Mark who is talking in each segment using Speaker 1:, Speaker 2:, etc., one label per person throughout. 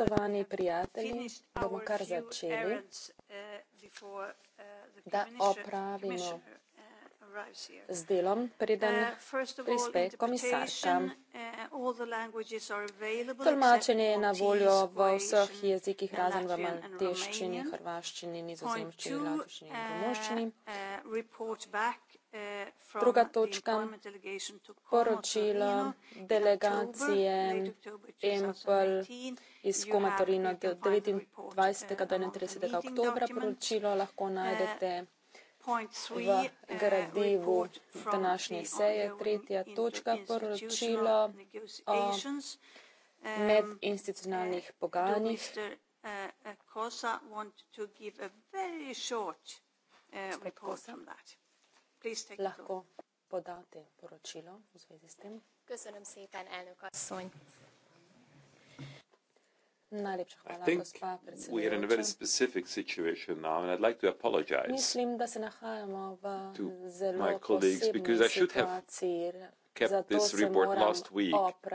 Speaker 1: Spoštovani uh, prijatelji, bomo kar začeli,
Speaker 2: uh, uh,
Speaker 1: da opravimo
Speaker 2: z delom, preden uh, prispe komisarka. Uh, Tolmačenje je na voljo
Speaker 1: v vseh jezikih, razen v malteščini, hrvaščini, nizozemščini, latvščini in uh, romoščini.
Speaker 2: Druga točka, poročilo
Speaker 1: delegacije EMPL iz Komatorino 29. do 31. oktobra, poročilo lahko najdete
Speaker 2: v uh,
Speaker 1: gradivu današnje seje. Tretja točka poročila o uh, um, medinstitucionalnih uh, pogajanjih. Lahko podate poročilo v zvezi s tem.
Speaker 3: Köszönöm szépen, elnök asszony.
Speaker 1: Najlepša hvala,
Speaker 3: gospa predsednica.
Speaker 1: Mislim, da se nahajamo v mm, zelo posebni situaciji. Kept Zato this report last week,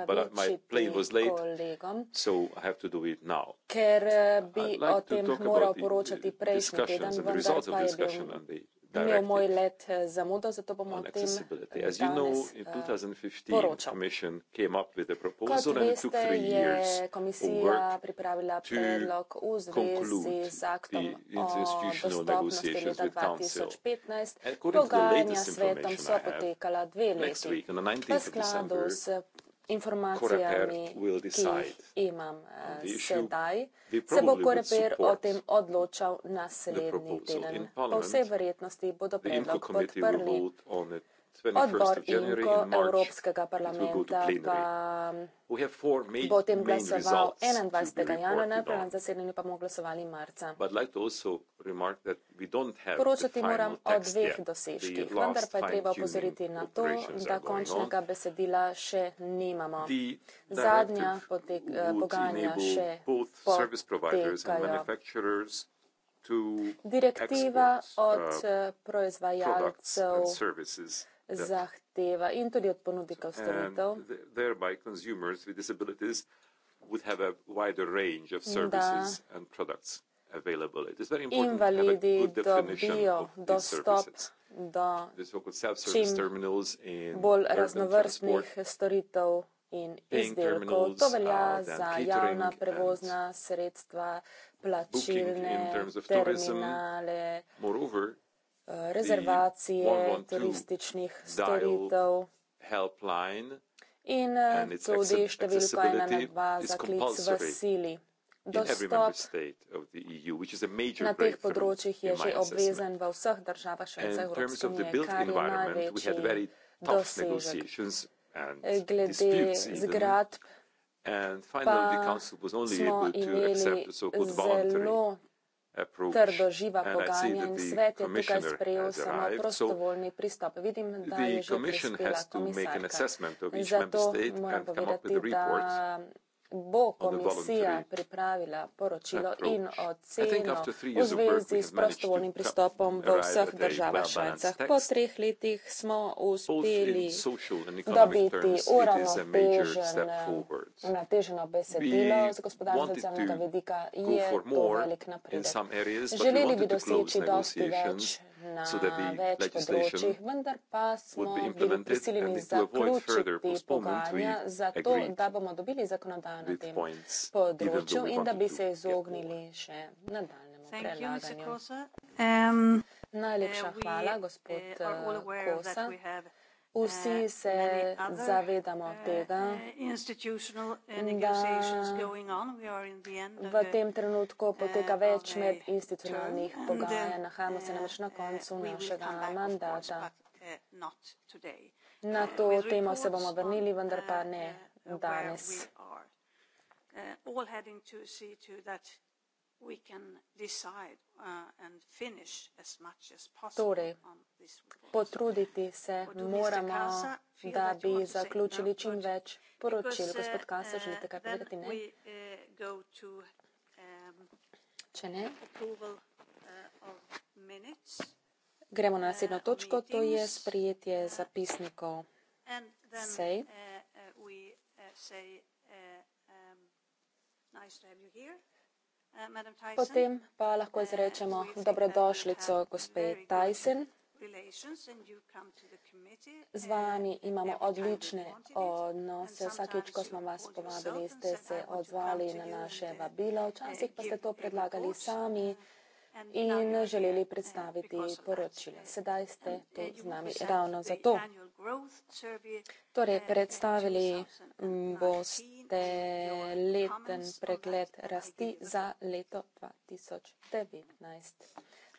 Speaker 1: but my plane was late, kolegom,
Speaker 4: so I have to do it now.
Speaker 1: Ker eh, bi I'd like o tem to talk moral about the, the discussions and the results of the discussion
Speaker 4: and the imel moj
Speaker 1: let eh, zamudo, zato bomo o tem eh, danes you
Speaker 4: know, poročali. Kot veste, je komisija
Speaker 1: pripravila predlog v zvezi z aktom o dostopnosti leta 2015. Pogajanja s svetom so potekala dve leti.
Speaker 5: V skladu s
Speaker 1: informacijami, ki jih imam eh, sedaj, se bo Koreper o tem odločal naslednji teden. Po vsej verjetnosti bodo predlog podprli
Speaker 4: Odbor Inko Evropskega
Speaker 1: parlamenta pa
Speaker 4: bo tem glasoval
Speaker 1: 21. januarja, najprej na zasedanju pa bomo glasovali marca.
Speaker 4: Poročati moram o dveh dosežkih, vendar pa je treba opozoriti
Speaker 1: na to, da končnega besedila še nimamo.
Speaker 4: Zadnja
Speaker 1: eh, pogajanja še potekajo.
Speaker 4: Direktiva
Speaker 1: od proizvajalcev eh, eh, products and
Speaker 4: services Ja.
Speaker 1: zahteva in tudi od ponudnikov
Speaker 6: storitev.
Speaker 4: Invalidi dobijo dostop do čim bolj raznovrstnih
Speaker 1: storitev in izdelkov. To velja za javna prevozna sredstva, plačilne terminale, rezervacije, turističnih storitev in uh, tudi številko 112 za klic v sili.
Speaker 4: Dostop EU, e na teh področjih je že obvezen
Speaker 1: v vseh državah članice Evropske unije, kar je največji dosežek. Eh, glede zgradb
Speaker 4: pa smo imeli zelo trdo živa pogajanja in svet je tukaj sprejel samo prostovoljni
Speaker 1: pristop. Vidim, da je že prispela komisarka.
Speaker 4: Zato moram povedati, da
Speaker 1: bo komisija pripravila poročilo in oceno v zvezi s prostovoljnim pristopom v vseh državah članicah. Po treh letih smo uspeli
Speaker 4: dobiti
Speaker 1: uravnoteženo besedilo z gospodarsko-socialnega vidika. Je to velik napredek.
Speaker 4: Želeli bi doseči dosti več na so več področjih,
Speaker 1: vendar pa smo bili prisiljeni zaključiti
Speaker 4: pogajanja za to,
Speaker 1: da bomo dobili zakonodajo
Speaker 4: na tem področju
Speaker 1: in da bi se izognili še nadaljnemu prelaganju. Um, Najlepša uh, hvala, uh, gospod
Speaker 2: uh, Kosa.
Speaker 1: Vsi eh, se zavedamo eh, tega, eh, da v tem trenutku poteka več med institucionalnih pogajanj, nahajamo se namreč na koncu našega mandata. Na to temo se bomo vrnili, vendar pa ne danes. Uh, torej, potruditi se moramo, da bi zaključili čim več poročil. Gospod Kasa, uh, želite kaj povedati? Ne. Uh, um, Če ne, gremo na naslednjo točko, to je sprijetje zapisnikov sej.
Speaker 2: Um, Potem
Speaker 1: pa lahko eh, izrečemo dobrodošlico gospe Tyson. Z vami eh, imamo odlične odnose. Vsakeč, ko smo vas povabili, ste se odzvali na naše vabilo. Včasih pa eh, ste to predlagali sami in želeli predstaviti poročilo. Sedaj ste tu z nami ravno zato. Torej, predstavili boste leten pregled rasti za leto 2019.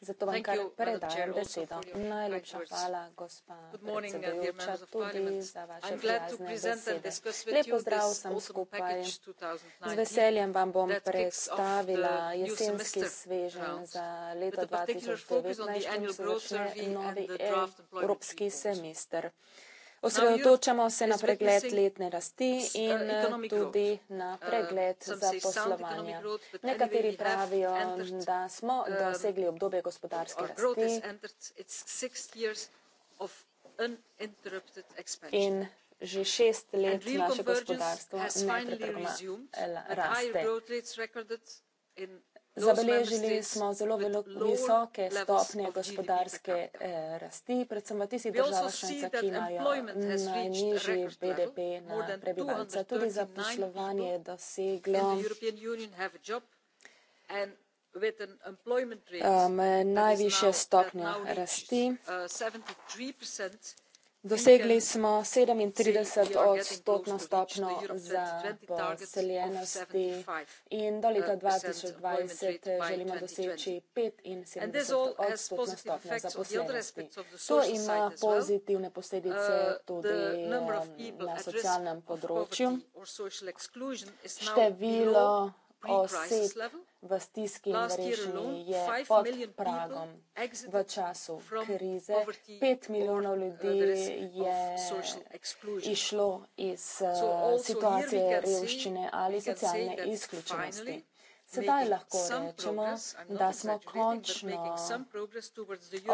Speaker 1: Zato vam kar predajam besedo. Najlepša hvala, gospa predsedujoča, tudi za vaše prijazne besede. Lep pozdrav sem skupaj. Z veseljem vam bom predstavila jesenski svežen za leto 2019, ki se začne novi evropski semester. Reports.
Speaker 4: Osredotočamo se na pregled letne
Speaker 1: rasti uh, in uh, tudi na uh, pregled za poslovanje. Nekateri pravijo, da smo dosegli obdobje gospodarske rasti in že šest let naše gospodarstvo neprekrmano eh, raste.
Speaker 6: Zabeležili
Speaker 1: smo zelo visoke stopnje gospodarske eh, rasti, predvsem v tistih državah, šanca, ki imajo najnižji BDP na prebivalca. Tudi zaposlovanje je doseglo
Speaker 6: um,
Speaker 1: najviše stopnje rasti. Eh, Dosegli smo 37 odstotno stopno za poseljenosti in do leta 2020 želimo doseči 75 odstotno stopno za poseljenosti. To ima pozitivne posledice tudi eh, na socialnem področju.
Speaker 6: Število oseb
Speaker 1: v stiski in v rešnji je pod pragom. V času krize 5 milijonov uh, ljudi je išlo iz uh, situacije revščine ali socialne izključenosti.
Speaker 6: Sedaj lahko
Speaker 1: rečemo, da smo končno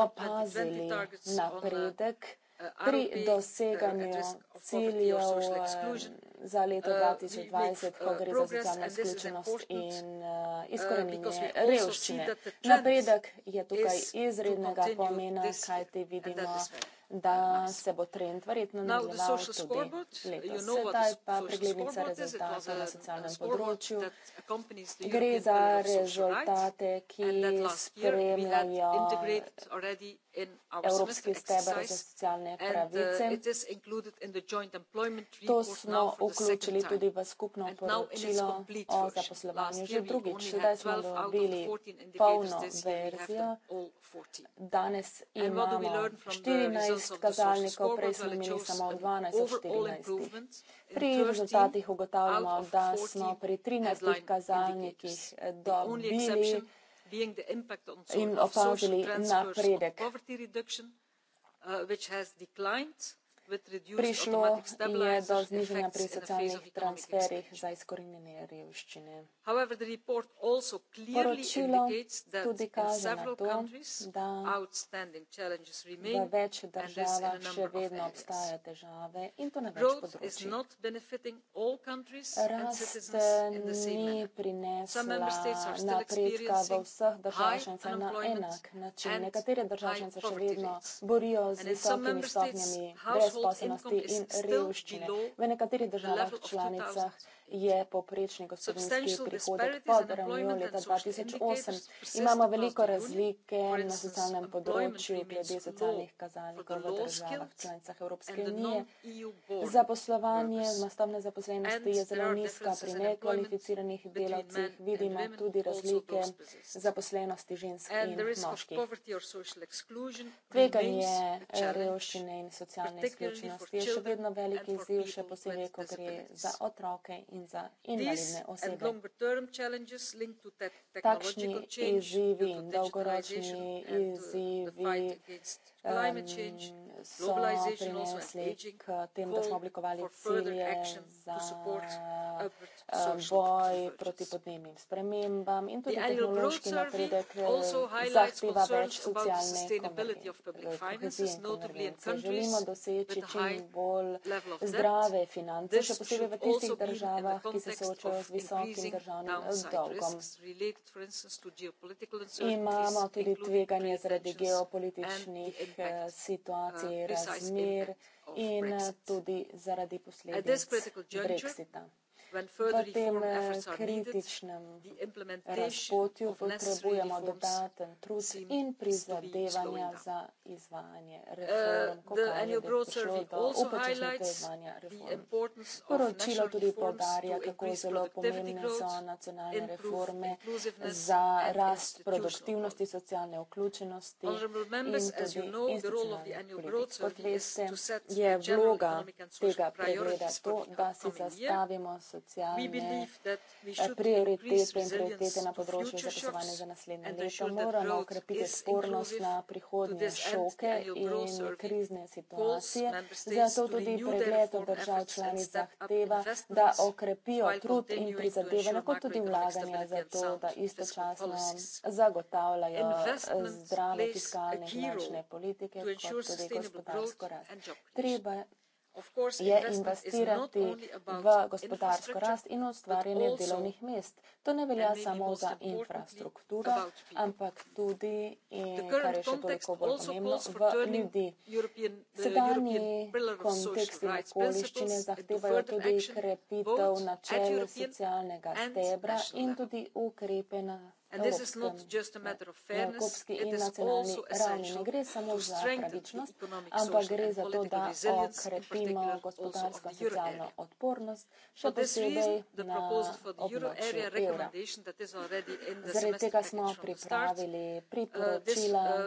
Speaker 6: opazili
Speaker 1: napredek Uh, pri uh, doseganju ciljev eh, za uh, leto 2020, ko gre za socialno izključenost in eh, izkoreninjenje revščine. Napredek je tukaj izrednega pomena, kajti vidimo, da se bo trend verjetno nadaljeval tudi letos. Sedaj pa preglednica rezultatov na socialnem področju.
Speaker 6: Gre za rezultate,
Speaker 1: ki spremljajo
Speaker 6: Evropski steber za socialne uh, pravice. To smo vključili tudi v
Speaker 1: skupno poročilo o zaposlovanju že drugič. Sedaj smo dobili polno verzijo. Danes imamo 14 rast kazalnikov, prej smo imeli samo 12 od 14.
Speaker 6: Pri rezultatih
Speaker 1: ugotavljamo, da smo pri 13 kazalnikih eh, dobili
Speaker 6: in opazili napredek prišlo je do znižanja pri socialnih
Speaker 1: transferih za izkorenjenje revščine.
Speaker 6: Poročilo tudi kaže na to, da v več
Speaker 1: državah še vedno obstajajo težave in to na več področjih.
Speaker 6: Rast ni
Speaker 1: prinesla napredka v vseh državšence na enak način. Nekatere državšence še vedno borijo z visokimi stopnjami brezposobnosti brezposelnosti in revščine. V nekaterih državah članicah je poprečni gospodinjski prihodek pod ravnjo leta 2008. Imamo veliko razlike na socialnem področju glede socialnih kazalnikov v državah članicah Evropske unije. Zaposlovanje v nastavne zaposlenosti je zelo nizka pri nekvalificiranih delavcih. Vidimo tudi razlike zaposlenosti žensk in
Speaker 6: moških. Tveganje
Speaker 1: revščine in socialne izključenosti je še vedno veliki izziv, še posebej, ko gre za otroke in in za invalidne osebe.
Speaker 6: Takšni izzivi
Speaker 1: in dolgoročni uh, izzivi um, so prinesli k tem, da smo oblikovali cilje za boj proti podnebnim spremembam in tudi tehnološki napredek eh, zahteva več socialne eh, kohezije. Želimo doseči čim bolj zdrave finance, še posebej v tistih državah, ki se soočajo z visokim državnim dolgom.
Speaker 6: Imamo tudi
Speaker 1: tveganje zaradi geopolitičnih različnih eh, situacij, uh, razmer in eh, tudi zaradi posledic Brexita v tem eh, kritičnem razpotju potrebujemo dodaten trud in prizadevanja za izvajanje uh, reform, kako je prišlo do upočasnitve izvajanja reform. Poročilo tudi podarja, kako zelo pomembne so nacionalne reforme za rast produktivnosti, socialne vključenosti in tudi
Speaker 6: institucionalnih politik. Kot veste,
Speaker 1: je vloga tega
Speaker 6: pregleda to, da si zastavimo
Speaker 1: socialne prioritete in prioritete na področju zaposlovanja za naslednje leto. Moramo ukrepiti spornost na prihodnje šoke in krizne situacije. Zato tudi pregled držav članic zahteva, da okrepijo trud in prizadevanje, kot tudi vlaganje za to, da istočasno zagotavljajo eh, zdrave fiskalne in finančne politike, kot tudi gospodarsko rast je investirati v gospodarsko rast in ustvarjanje delovnih mest. To ne velja samo za infrastrukturo, ampak tudi, in eh, kar je še toliko bolj pomembno, v ljudi. Sedanji kontekst in okoliščine zahtevajo tudi krepitev načel socialnega stebra in tudi ukrepe na evropskem,
Speaker 6: eh, evropski in nacionalni ravni. Ne gre samo za pravičnost, ampak gre za to, da
Speaker 1: okrepimo gospodarsko in socialno odpornost, še posebej na območju evra.
Speaker 6: Zaradi tega smo pripravili uh, uh, priporočila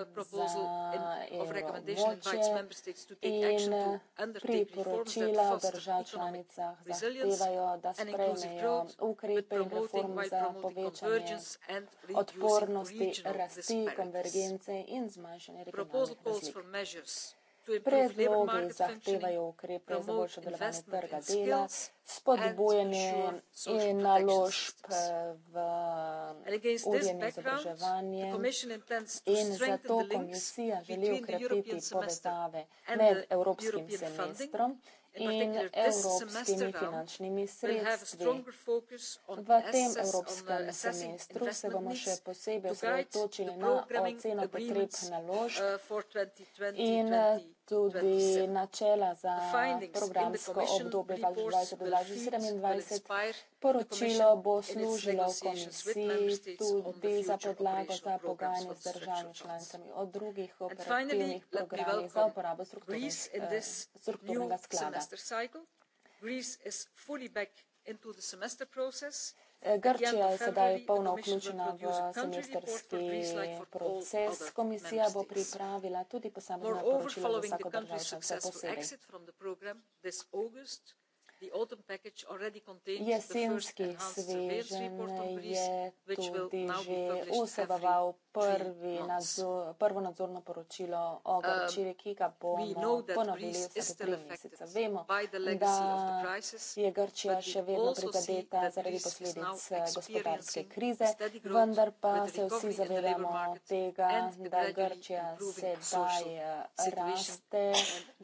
Speaker 6: za EU območje in priporočila v državah
Speaker 1: članicah zahtevajo, da sprejmejo ukrepe in reforme za povečanje odpornosti, rasti, konvergence in zmanjšanje regionalnih
Speaker 6: razlik. Predlogi zahtevajo ukrepe za boljšo delovanje trga dela,
Speaker 1: spodbojanje in naložb eh, v urjenje izobraževanje in zato komisija želi ukrepiti povezave med Evropskim semestrom in evropskimi finančnimi sredstvi.
Speaker 6: V tem evropskem semestru se bomo še posebej osredotočili na oceno potreb
Speaker 1: naložb uh, in uh, tudi načela za programsko obdobje 2020-2027. Poročilo bo služilo komisiji tudi za podlago za pogajanje z državami članicami o drugih operativnih programih za uporabo strukturnih, eh, strukturnega sklada.
Speaker 6: Greece is fully back into the semester process. Grčija je sedaj polno vključena v semestrski
Speaker 1: proces. Komisija bo pripravila tudi posamezno poročilo za vsako državo, vse posebej.
Speaker 6: Jesenski svežen je tudi že vseboval
Speaker 1: prvi nadzor, prvo nadzorno poročilo o poročili, um, ki ga bo ponovili vsake tri mesece. Vemo, da je Grčija še vedno prizadeta zaradi posledic eh, gospodarske krize, vendar pa se vsi zavedamo tega, da Grčija sedaj raste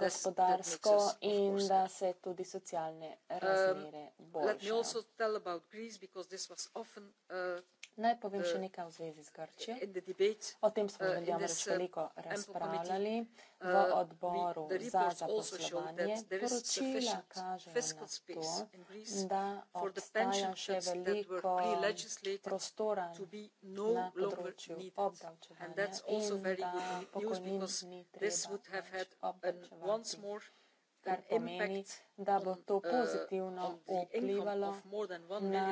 Speaker 1: gospodarsko in da se tudi socialne um, razmere boljšajo. Naj povem še eh, nekaj v zvezi z Grčijo. O tem smo eh, že namreč eh, veliko razpravljali v odboru za zaposlovanje. Poročila kažejo na to, da obstaja še veliko
Speaker 6: prostora
Speaker 1: no na področju
Speaker 6: obdavčevanja in da pokojnin ni treba več obdavčevati kar pomeni,
Speaker 1: da bo to pozitivno vplivalo na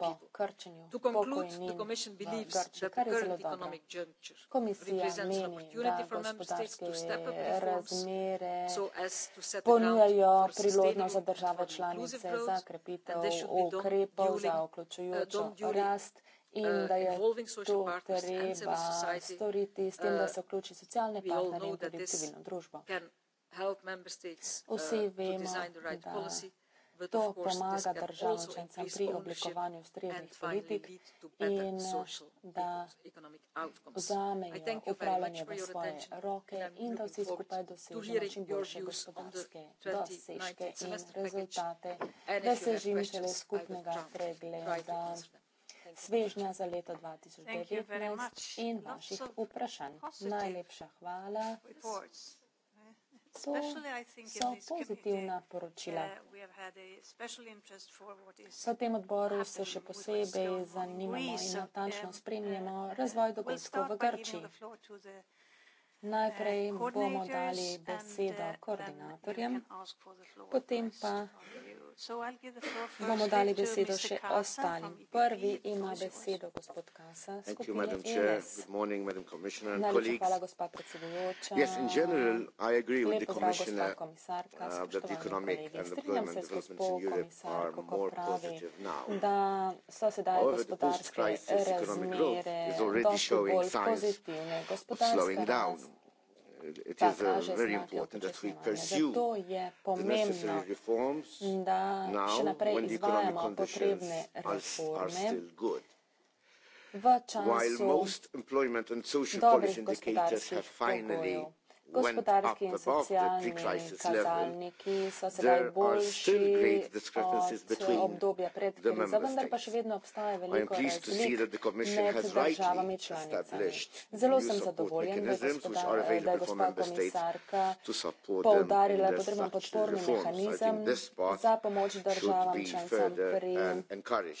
Speaker 1: po krčenju pokojnin
Speaker 6: v Grčiji, kar je zelo dobro.
Speaker 1: Komisija meni, da gospodarske
Speaker 6: razmere
Speaker 1: ponujajo priložnost za države članice za krepitev ukrepov za uh, vključujočo rast in uh, da je to treba storiti s tem, da uh, se vključi socialne partnerje in tudi civilno družbo.
Speaker 6: Vsi vemo, da
Speaker 1: To pomaga državam članicam pri oblikovanju ustreznih politik eh, in da vzamejo upravljanje v svoje roke in da vsi skupaj dosežemo čim boljše gospodarske dosežke in rezultate, da se žim šele skupnega pregleda svežnja za leto 2019 in vaših vprašanj. Najlepša hvala so, so pozitivna poročila. Uh, v tem odboru se še posebej zanimamo in natančno uh, spremljamo uh, razvoj dogodkov v Grčiji. Najprej bomo dali besedo koordinatorjem,
Speaker 2: potem pa
Speaker 1: Bomo dali besedo še ostalim. E Prvi ima besedo gospod Kasa. E hvala, gospa predsedujoča. Yes, general, Lep pozdrav, gospa komisarka, uh, spoštovani kolegi. Strinjam se s gospo
Speaker 7: komisarko, ko pravi,
Speaker 1: da so sedaj gospodarske razmere dosti bolj pozitivne. Gospodarska
Speaker 8: rast It is uh, very important that we ja. pursue
Speaker 1: the necessary
Speaker 8: reforms
Speaker 1: now when the economic conditions are still good. While most
Speaker 8: employment and social policy indicators have finally gospodarski in socialni kazalniki
Speaker 1: so sedaj boljši od obdobja pred krizo, vendar pa še vedno obstaja veliko razlik med državami
Speaker 6: članicami.
Speaker 1: Zelo sem zadovoljen, da je gospod komisarka
Speaker 6: poudarila potrebno podporni mehanizem za
Speaker 1: pomoč državam članicam pri
Speaker 6: uh,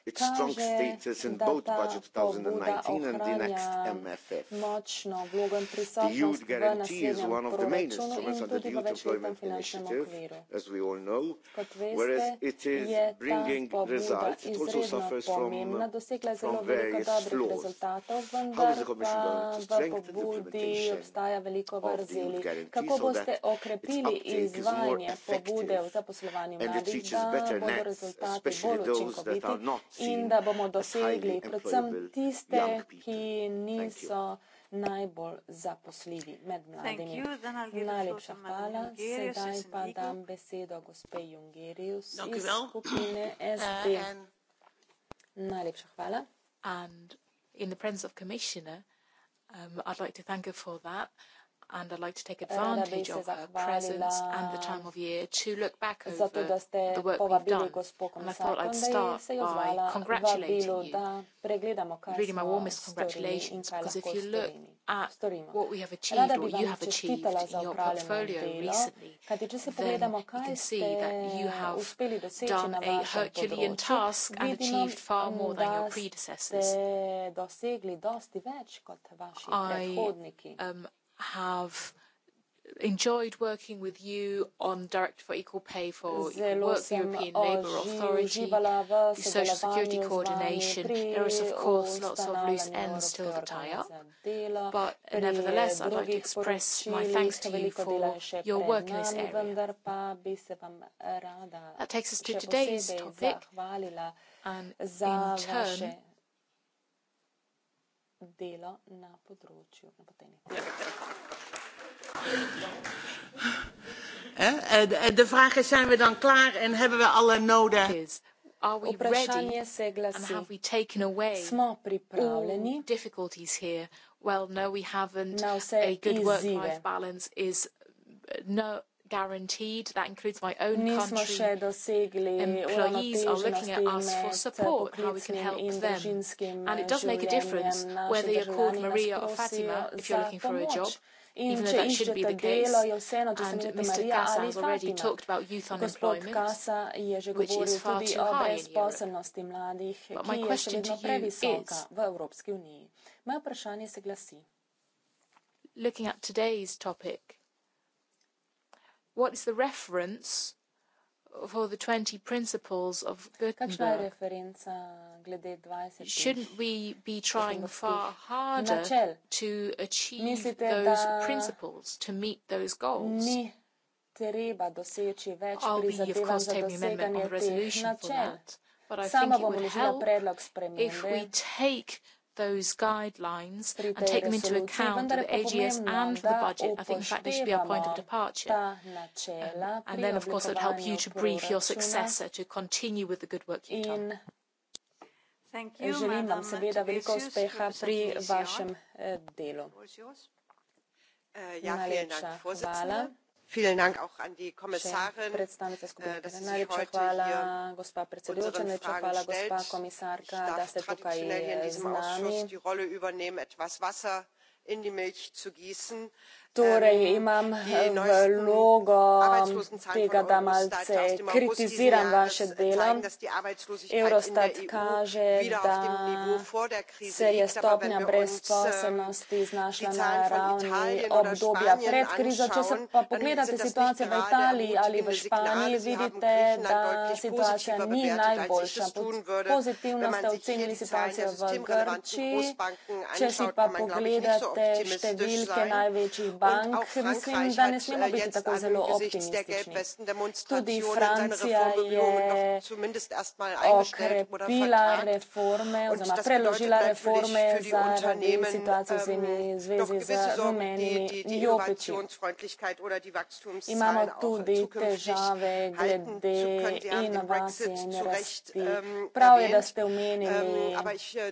Speaker 1: its strong status in both
Speaker 8: budget 2019 and the next MFF.
Speaker 1: The youth guarantee is one of the main instruments under the youth employment
Speaker 8: initiative, as we all know, whereas it is bringing results, it also suffers from,
Speaker 1: from various flaws. How is the Commission going to strengthen the implementation of the youth guarantee so that its is more effective and it reaches better nets, especially those that are not in da bomo dosegli predvsem tiste, ki niso najbolj zaposljivi med mladimi. Najlepša hvala. Sedaj pa dam besedo gospe Jungerius iz skupine eh, SD. Najlepša hvala.
Speaker 3: In the presence of commissioner, um, I'd like to thank her for that and I'd like to take advantage of her presence and the time of year to look back over the work we've done. And I thought I'd start by congratulating you.
Speaker 1: Really, my warmest congratulations because if you look at what we have achieved or you have achieved in your portfolio recently,
Speaker 3: then you can see that you have
Speaker 1: done a Herculean task and achieved far more than your predecessors. I
Speaker 3: um, have enjoyed working with you on Directive for Equal Pay for Equal Work, the European Labour Authority, the Social Security Coordination. There is, of course, lots of loose ends still to tie up,
Speaker 1: but nevertheless, I'd like to express my thanks to you for your work in this area. That takes us to today's topic,
Speaker 3: and in turn,
Speaker 1: delo na področju napotenja.
Speaker 7: Eh, eh, eh, de vraag is: zijn we dan
Speaker 3: klaar en hebben we alle noden? Are we ready? And have we taken away all difficulties here? Well, no, we haven't. A good work-life balance is no guaranteed. That includes my own Nismo country. Še
Speaker 1: dosegli Employees are looking at us for support, how we can help them. And it does make a difference whether you're called Maria or Fatima if you're looking for a job.
Speaker 3: In Even though that should be the case, delo, seno, and Mr. Kasa has already Fatima. talked about youth unemployment,
Speaker 1: which is far too high in Europe. Mladih, but my question to you is, my se glasi. looking at
Speaker 3: today's topic, what is the reference for the 20 principles of Gutenberg? Shouldn't we be trying far harder to achieve those principles, to meet those goals?
Speaker 1: I'll be, of course, taking amendment on the resolution for that. But I think it would help if we
Speaker 3: take those guidelines and take them into account of AGS and the budget. I think, in fact, this should be our point of
Speaker 1: departure. Um, and then, of course, it would help you to brief your successor
Speaker 3: to continue with the good work you've done.
Speaker 1: Thank you, Želim
Speaker 3: vam seveda veliko uspeha pri vašem
Speaker 7: eh, delu.
Speaker 1: Eh, ja, Najlepša hvala.
Speaker 7: Vielen Dank auch
Speaker 1: an die Kommissarin, äh, dass sie sich heute hier unsere Fragen stellt. Ich darf traditionell hier in diesem Ausschuss die
Speaker 7: Rolle übernehmen, etwas Wasser in die Milch zu gießen.
Speaker 1: Torej ähm, imam äh, vlogo tega, da malce kritiziram ja vaše delo. Eurostat e kaže, da se je stopnja brezposobnosti ähm, znašla na ravni obdobja pred krizo. Če se pa pogledate situacijo v Italiji ali v Španiji, vidite, da situacija ni najboljša. Pozitivno ste ocenili situacijo
Speaker 7: v Grčiji. Če si pa pogledate številke največjih bank, mislim, da ne smemo biti tako zelo optimistični. Tudi Francija je okrepila
Speaker 1: reforme oziroma preložila reforme za radi situacijo v zvezi z rumenimi
Speaker 7: jopiči. Imamo äh, tudi težave glede inovacije in rasti. Ähm, Prav je, da ste omenili. Ähm,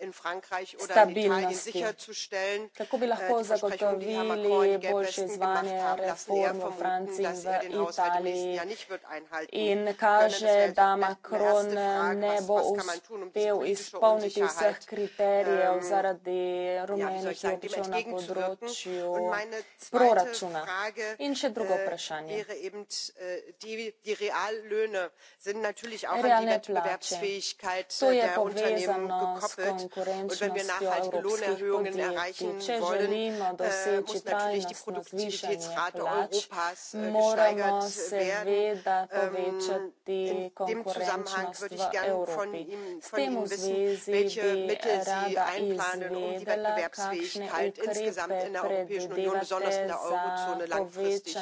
Speaker 7: in Frankreich oder Stabilnosti. in Italien sicherstellen.
Speaker 1: Kako bi äh, lahko äh, zagotovili boljše izvajanje reform v Franciji in Italiji? In kaže, da Macron ne bo um uspel izpolniti vseh kriterijev ähm, zaradi ja, rumenih jopičev na področju proračuna. In še drugo äh, vprašanje. Äh,
Speaker 7: Realne plače. To je povezano s Und wenn wir nachhaltige Lohnerhöhungen erreichen wollen, äh, muss natürlich die Produktivitätsrate Europas äh, gesteigert werden. Ähm, in dem Zusammenhang würde ich gerne von Ihnen wissen, welche Mittel Sie einplanen, um die Wettbewerbsfähigkeit
Speaker 1: insgesamt in der Europäischen Union, besonders in der Eurozone, langfristig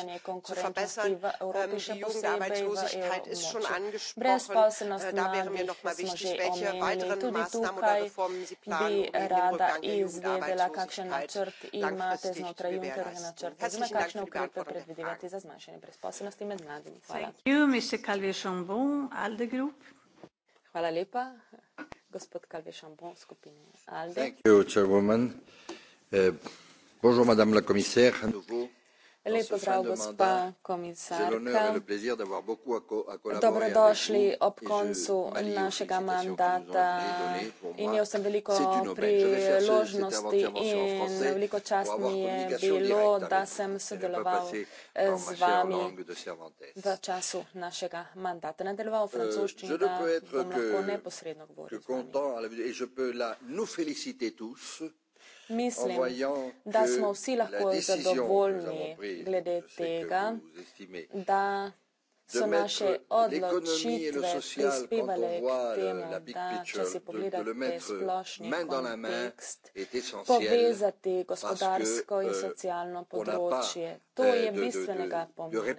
Speaker 1: zu verbessern. Ähm, die Jugendarbeitslosigkeit ist schon
Speaker 7: angesprochen. Äh, da wäre mir nochmal wichtig, welche weiteren Maßnahmen oder Reformen bi rada izvedela, kakšen
Speaker 1: načrt imate znotraj junkerjega načrta. Zdaj, kakšne ukrepe predvidevate za zmanjšanje brezposobnosti med mladimi? Hvala. Hvala lepa, gospod Calvé Chambon, skupine ALDE.
Speaker 8: Hvala, gospod predsednik. Bonjour, madame la commissaire.
Speaker 1: Lep pozdrav, gospa komisarka.
Speaker 8: Dobrodošli ob
Speaker 1: koncu našega mandata. Imel sem veliko priložnosti in veliko čast mi je bilo, da sem sodeloval z vami v času našega mandata. Nadaljeval v euh, francoščini, da bom lahko neposredno
Speaker 8: govoril z vami.
Speaker 1: Mislim, da smo vsi lahko zadovoljni glede tega, da
Speaker 8: so naše odločitve prispevale k temu, da če si pogledate splošni kontekst, povezati
Speaker 1: gospodarsko in euh, socialno področje. Euh, to je bistvenega pomena.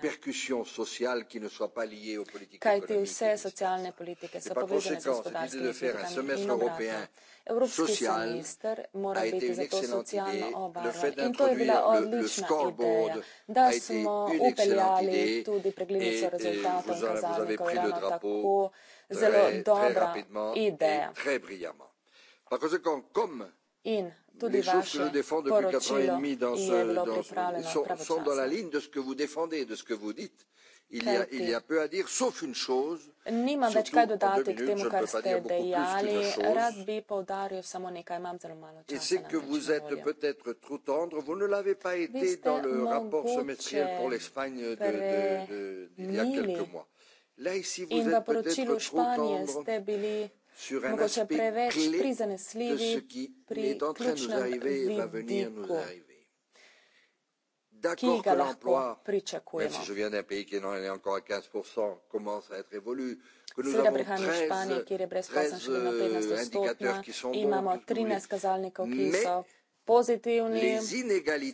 Speaker 1: Kaj te vse socialne politike so povezane z gospodarskimi politikami in obratno.
Speaker 8: Evropski semester
Speaker 1: mora biti zato socialno obarvan in to je bila odlična ideja, da smo upeljali tudi preglednico eh, rezultatov in kazalnikov. Jana, tako
Speaker 8: zelo dobra ideja.
Speaker 1: In tudi vaše poročilo je bilo pripravljeno pravočasno. Il y, a, il y a
Speaker 8: peu à dire, sauf une chose.
Speaker 1: Nima več kaj dodati minutes, k temu, kar ste dejali. Rad bi poudaril samo nekaj, imam zelo malo
Speaker 8: časa. Na vous êtes trop tendre. Vous ne l'avez pas été dans le rapport semestriel pour l'Espagne de, de, de, de, il y a quelques mois. Là, ici, vous In êtes peut-être Španije trop tendre. Ste bili sur un aspect clé de ce qui est en train de nous arriver et va venir nous arriver
Speaker 1: ki ga lahko pričakujemo.
Speaker 8: Seveda prihajam iz Španije, kjer je brezposelnost še na 15 odstotkih, imamo 13
Speaker 1: kazalnikov, ki so pozitivni,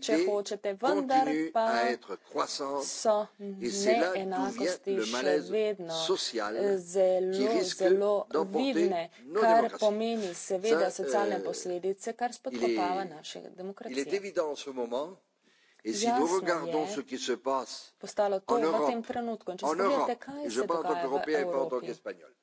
Speaker 8: če hočete, vendar pa so neenakosti še vedno zelo, zelo vidne,
Speaker 1: kar pomeni seveda socialne euh, posledice, kar spodkopava
Speaker 8: naše demokracije. Et si nous regardons ce qui se passe
Speaker 1: en Europe, en Europe, je parle en tant qu'Européen et pas en tant qu'Espagnol.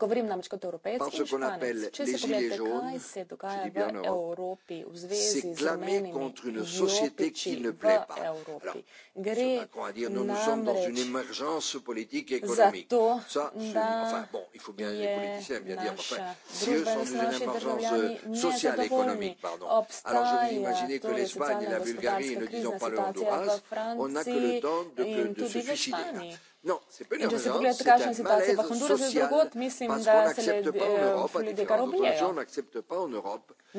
Speaker 1: Govorim namreč kot evropejec pač in španec. Če se pogledate, kaj se dogaja v Evropi v
Speaker 8: zvezi z omenimi jopiči v Evropi, gre namreč za to, da je naša družba z naši euh, državljani nezadovoljni. Obstaja torej socialna gospodarska kriza, situacija v Franciji in tudi v Španiji. No, se In torej, če se pogledate, kakšna je situacija v Hondurasu in drugod, mislim, da se le, ljudje eh, kar ubijajo.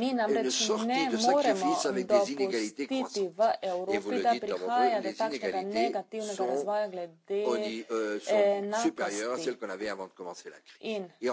Speaker 8: Mi namreč ne moremo dopustiti v
Speaker 1: Evropi, da prihaja do takšnega negativnega razvoja glede enakosti. Eh, eh,
Speaker 8: in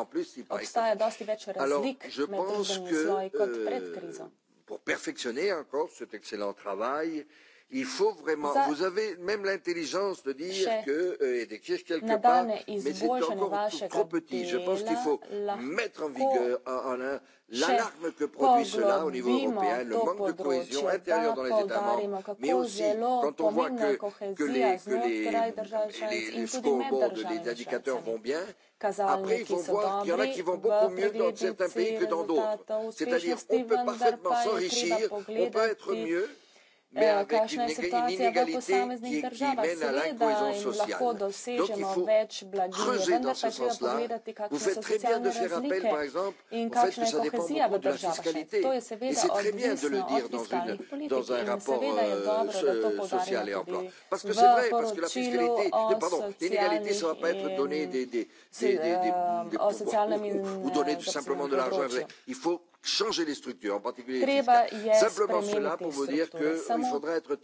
Speaker 8: obstaja
Speaker 1: dosti več razlik med družbeni sloji kot pred euh, krizo.
Speaker 8: Pour perfectionner encore cet excellent travail, euh, il faut vraiment za, vous avez même l'intelligence de dire que euh, et d'écrire quelque part mais c'est encore trop petit je pense qu'il faut mettre en oh, vigueur en, en un l'alarme che produce cela au niveau européen, le manque de cohésion intérieure dans les États membres, mais aussi quand on voit que, que les, que les,
Speaker 1: les, les scoreboards, les
Speaker 8: indicateurs vont bien, après ils vont voir qu'il y en a qui vont beaucoup mieux dans certains pays que dans d'autres. C'est-à-dire qu'on peut parfaitement s'enrichir, on peut être mieux, Kakšna je situacija v posameznih državah? Seveda jim lahko dosežemo več blaginje, vendar pa treba pogledati, kakšne so socialne
Speaker 1: razlike in kakšna je kohezija v državah. To je seveda odvisno od fiskalnih politik in seveda je dobro, da eh, to poudarjamo tudi v poročilu o socialnih in o socialnem in eh,
Speaker 8: področju changer les structures, en particulier Treba je spremeniti strukture. Samo toliko,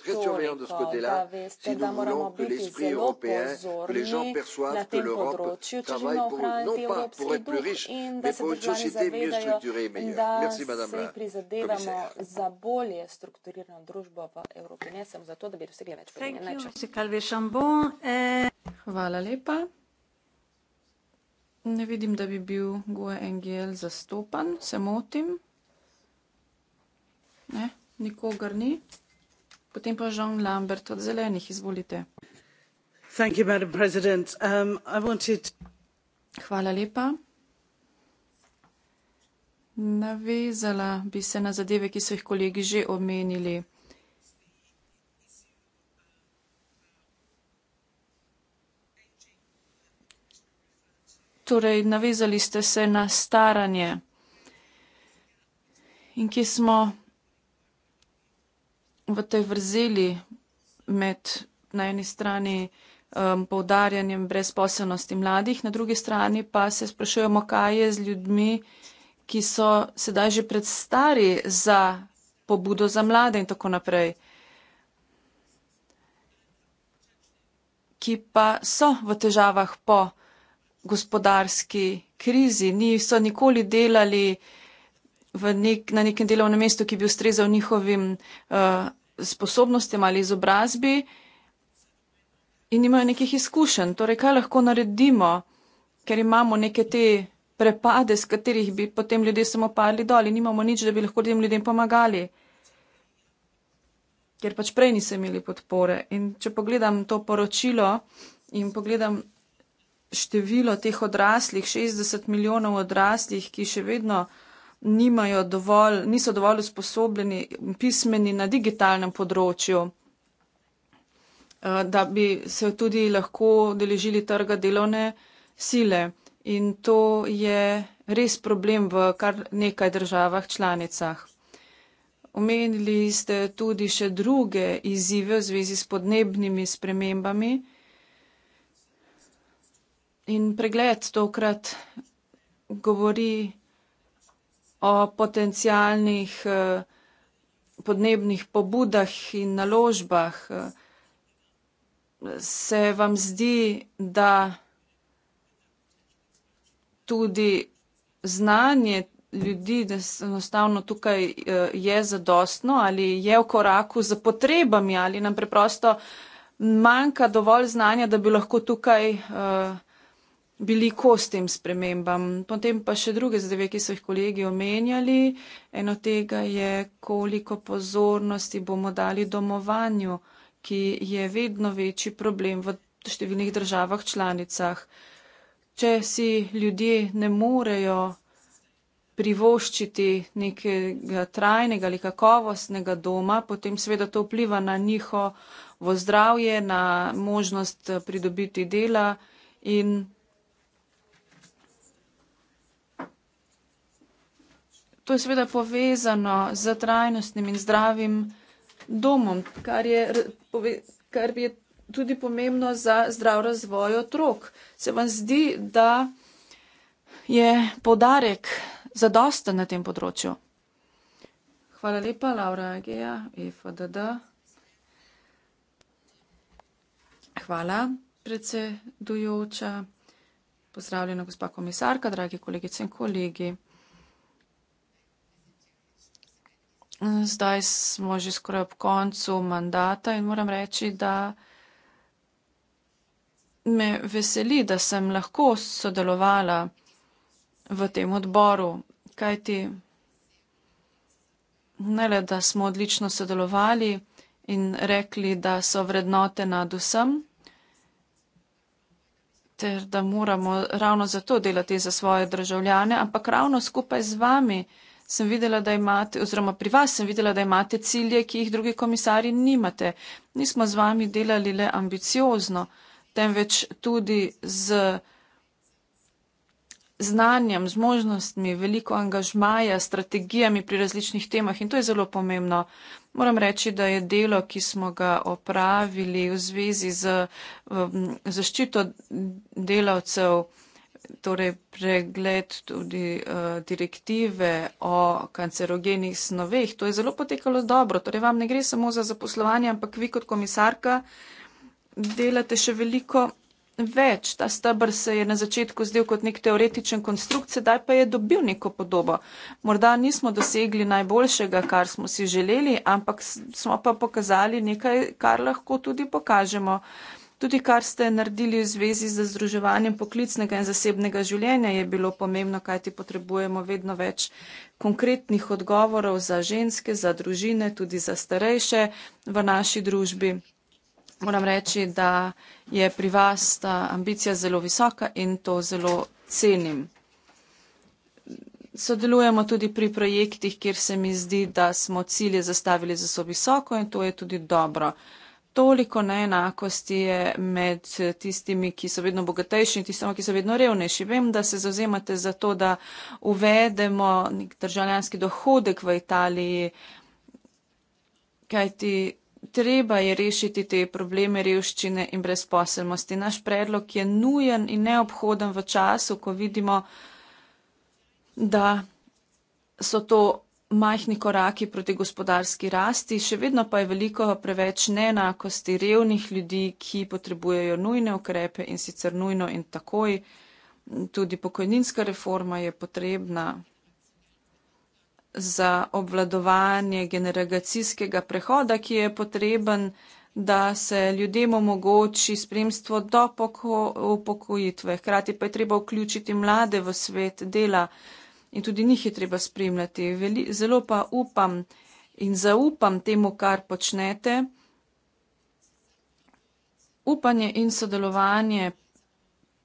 Speaker 8: de ce côté -là, da veste, si da moramo biti zelo pozorni na tem področju, če želimo ohraniti evropski duh in da se državljani zavedajo in da si prizadevamo komisaire.
Speaker 1: za bolje strukturirano družbo v Evropi. Ne samo zato, da bi dosegli več
Speaker 5: pomeni. Eh. Hvala lepa. Ne vidim, da bi bil Goe Engel zastopan, se motim. Ne, nikogar ni. Potem pa Jean Lambert od zelenih, izvolite. Thank you, Madam President. Um, I wanted... Hvala lepa. Navezala bi se na zadeve, ki so jih kolegi že omenili. torej navezali ste se na staranje in ki smo v tej vrzeli med na eni strani um, povdarjanjem brezposelnosti mladih, na drugi strani pa se sprašujemo, kaj je z ljudmi, ki so sedaj že pred stari za pobudo za mlade in tako naprej. ki pa so v težavah po gospodarski krizi, niso nikoli delali nek, na nekem delovnem mestu, ki bi ustrezal njihovim uh, sposobnostim ali izobrazbi in imajo nekih izkušenj. Torej, kaj lahko naredimo, ker imamo neke te prepade, z katerih bi potem ljudje samo padli dol in nimamo nič, da bi lahko tem ljudem pomagali. Ker pač prej niso imeli podpore. In če pogledam to poročilo in pogledam število teh odraslih, 60 milijonov odraslih, ki še vedno dovolj, niso dovolj usposobljeni pismeni na digitalnem področju, eh, da bi se tudi lahko deležili trga delovne sile. In to je res problem v kar nekaj državah članicah. Omenili ste tudi še druge izzive v zvezi s podnebnimi spremembami in pregled tokrat govori o potencijalnih eh, podnebnih pobudah in naložbah. Se vam zdi, da tudi znanje ljudi, da se enostavno tukaj eh, je zadostno ali je v koraku z potrebami ali nam preprosto manjka dovolj znanja, da bi lahko tukaj uh, bili kos tem spremembam. Potem pa še druge zadeve, ki so jih kolegi omenjali. Eno tega je, koliko pozornosti bomo dali domovanju, ki je vedno večji problem v številnih državah članicah. Če si ljudje ne morejo privoščiti nekega trajnega ali kakovostnega doma, potem seveda to vpliva na njihovo zdravje, na možnost pridobiti dela in To je seveda povezano z trajnostnim in zdravim domom, kar je, kar je tudi pomembno za zdrav razvoj otrok. Se vam zdi, da je podarek zadosten na tem področju? Hvala lepa, Laura Agija, EFDD. Hvala, predsedujoča. Pozdravljena gospa komisarka, dragi kolegice in kolegi. Zdaj smo že skoraj ob koncu mandata in moram reči, da me veseli, da sem lahko sodelovala v tem odboru, kajti ne le, da smo odlično sodelovali in rekli, da so vrednote nad vsem, ter da moramo ravno zato delati za svoje državljane, ampak ravno skupaj z vami sem videla, da imate, oziroma pri vas sem videla, da imate cilje, ki jih drugi komisari nimate. Nismo z vami delali le ambiciozno, temveč tudi z znanjem, z možnostmi, veliko angažmaja, strategijami pri različnih temah in to je zelo pomembno. Moram reči, da je delo, ki smo ga opravili v zvezi z um, zaščito delavcev, torej pregled tudi uh, direktive o kancerogenih snoveh. To je zelo potekalo dobro. Torej, vam ne gre samo za zaposlovanje, ampak vi kot komisarka delate še veliko več. Ta stebr se je na začetku zdel kot nek teoretičen konstrukt, sedaj pa je dobil neko podobo. Morda nismo dosegli najboljšega, kar smo si želeli, ampak smo pa pokazali nekaj, kar lahko tudi pokažemo. Uh, Tudi kar ste naredili v zvezi z združevanjem poklicnega in zasebnega življenja je bilo pomembno, kajti potrebujemo vedno več konkretnih odgovorov za ženske, za družine, tudi za starejše v naši družbi. Moram reči, da je pri vas ta ambicija zelo visoka in to zelo cenim. Sodelujemo tudi pri projektih, kjer se mi zdi, da smo cilje zastavili zelo visoko in to je tudi dobro. Uh, toliko neenakosti je med tistimi, ki so vedno bogatejši in tistimi, ki so vedno revnejši. Vem, da se zauzemate za to, da uvedemo nek državljanski dohodek v Italiji, kajti treba je rešiti te probleme revščine in brezposelnosti. Naš predlog je nujen in neobhoden v času, ko vidimo, da so to majhni koraki proti gospodarski rasti, še vedno pa je veliko preveč neenakosti revnih ljudi, ki potrebujejo nujne ukrepe in sicer nujno in takoj. Tudi pokojninska reforma je potrebna za obvladovanje generacijskega prehoda, ki je potreben, da se ljudem omogoči spremstvo do upokojitve. Hkrati pa je treba vključiti mlade v svet dela in tudi njih je treba spremljati. Veli, zelo pa upam in zaupam temu, kar počnete. Upanje in sodelovanje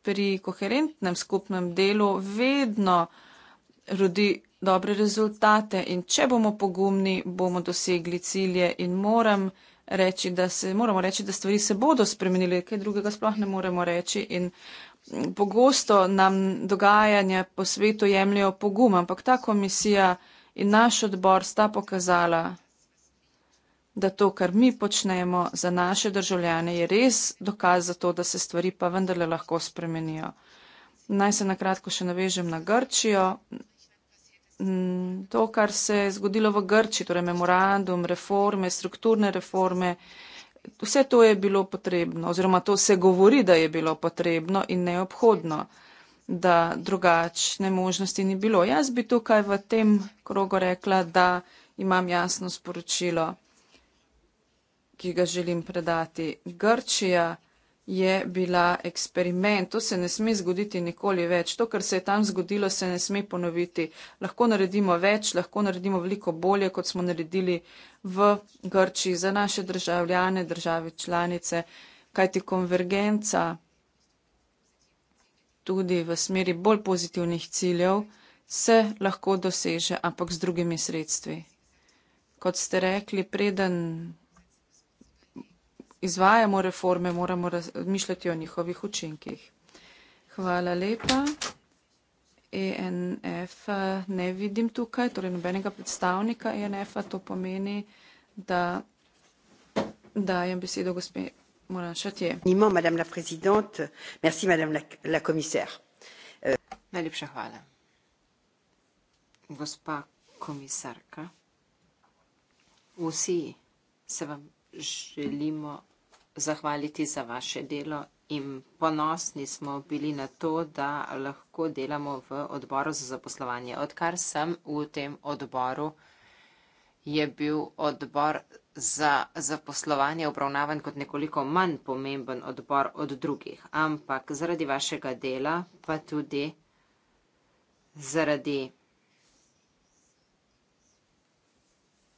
Speaker 5: pri koherentnem skupnem delu vedno rodi dobre rezultate in če bomo pogumni, bomo dosegli cilje in moram reči, da se, moramo reči, da stvari se bodo spremenile, kaj drugega sploh ne moremo reči. In, uh, pogosto nam dogajanja po svetu jemljajo pogum, ampak ta komisija in naš odbor sta pokazala, da to, kar mi počnemo za naše državljane, je res dokaz za to, da se stvari pa vendarle lahko spremenijo. Naj se nakratko še navežem na Grčijo. Mm, to, kar se je zgodilo v Grči, torej memorandum, reforme, strukturne reforme, vse to je bilo potrebno, oziroma to se govori, da je bilo potrebno in neobhodno, da drugačne možnosti ni bilo. Jaz bi tukaj v tem krogu rekla, da imam jasno sporočilo, ki ga želim predati. Grčija je bila eksperiment. To se ne sme zgoditi nikoli več. To, kar se je tam zgodilo, se ne sme ponoviti. Lahko naredimo več, lahko naredimo veliko bolje, kot smo naredili v Grči za naše državljane, države članice. Kajti konvergenca tudi v smeri bolj pozitivnih ciljev se lahko doseže, ampak z drugimi sredstvi. Kot ste rekli, preden izvajamo reforme, moramo razmišljati o njihovih učinkih. Hvala lepa. ENF ne vidim tukaj, torej nobenega predstavnika ENF-a, to pomeni, da dajem besedo gospe Moran Šatje. Nimo,
Speaker 7: madame la
Speaker 9: presidente, merci madame la, la commissaire. Euh, Najlepša hvala. Gospa komisarka, vsi se vam želimo zahvaliti za vaše delo in ponosni smo bili na to, da lahko delamo v odboru za zaposlovanje. Odkar sem v tem odboru, je bil odbor za zaposlovanje obravnavan kot nekoliko manj pomemben odbor od drugih, ampak zaradi vašega dela, pa tudi zaradi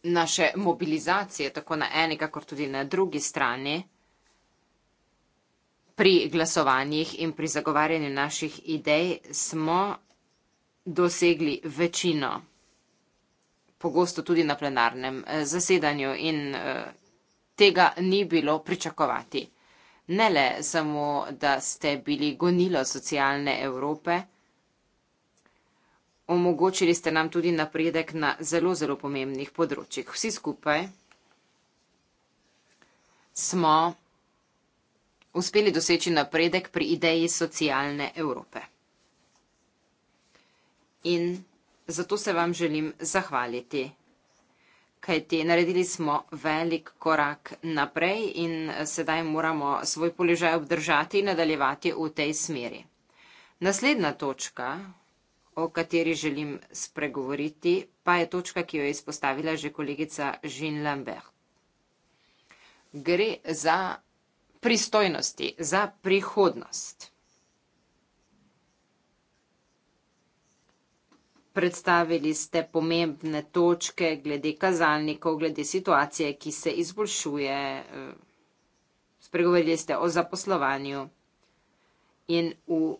Speaker 9: naše mobilizacije, tako na eni, kakor tudi na drugi strani, pri glasovanjih in pri zagovarjanju naših idej smo dosegli večino, pogosto tudi na plenarnem eh, zasedanju in eh, tega ni bilo pričakovati. Ne le samo, da ste bili gonilo socialne Evrope, omogočili ste nam tudi napredek na zelo, zelo pomembnih področjih. Vsi skupaj smo uspeli doseči napredek pri ideji socialne Evrope. In zato se vam želim zahvaliti. Kajti naredili smo velik korak naprej in eh, sedaj moramo svoj položaj obdržati in nadaljevati v tej smeri. Naslednja točka, o kateri želim spregovoriti, pa je točka, ki jo je izpostavila že kolegica Jean Lambert. Gre za pristojnosti za prihodnost. Predstavili ste pomembne točke glede kazalnikov, glede situacije, ki se izboljšuje. Spregovorili ste o zaposlovanju in v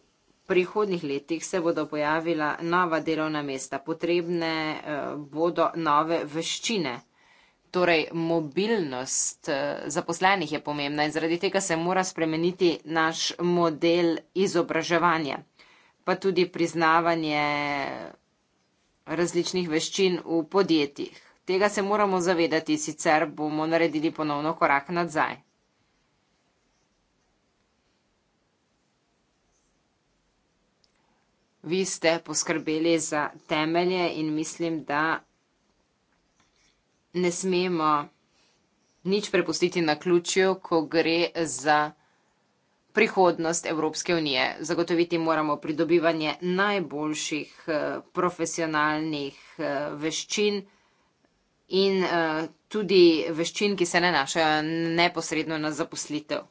Speaker 9: prihodnih letih se bodo pojavila nova delovna mesta. Potrebne eh, bodo nove veščine. Torej, mobilnost eh, zaposlenih je pomembna in zaradi tega se mora spremeniti naš model izobraževanja, pa tudi priznavanje različnih veščin v podjetjih. Tega se moramo zavedati, sicer bomo naredili ponovno korak nazaj. Vi ste poskrbeli za temelje in mislim, da ne smemo nič prepustiti na ključju, ko gre za prihodnost Evropske unije. Zagotoviti moramo pridobivanje najboljših eh, profesionalnih eh, veščin in eh, tudi veščin, ki se nanašajo ne neposredno na zaposlitev.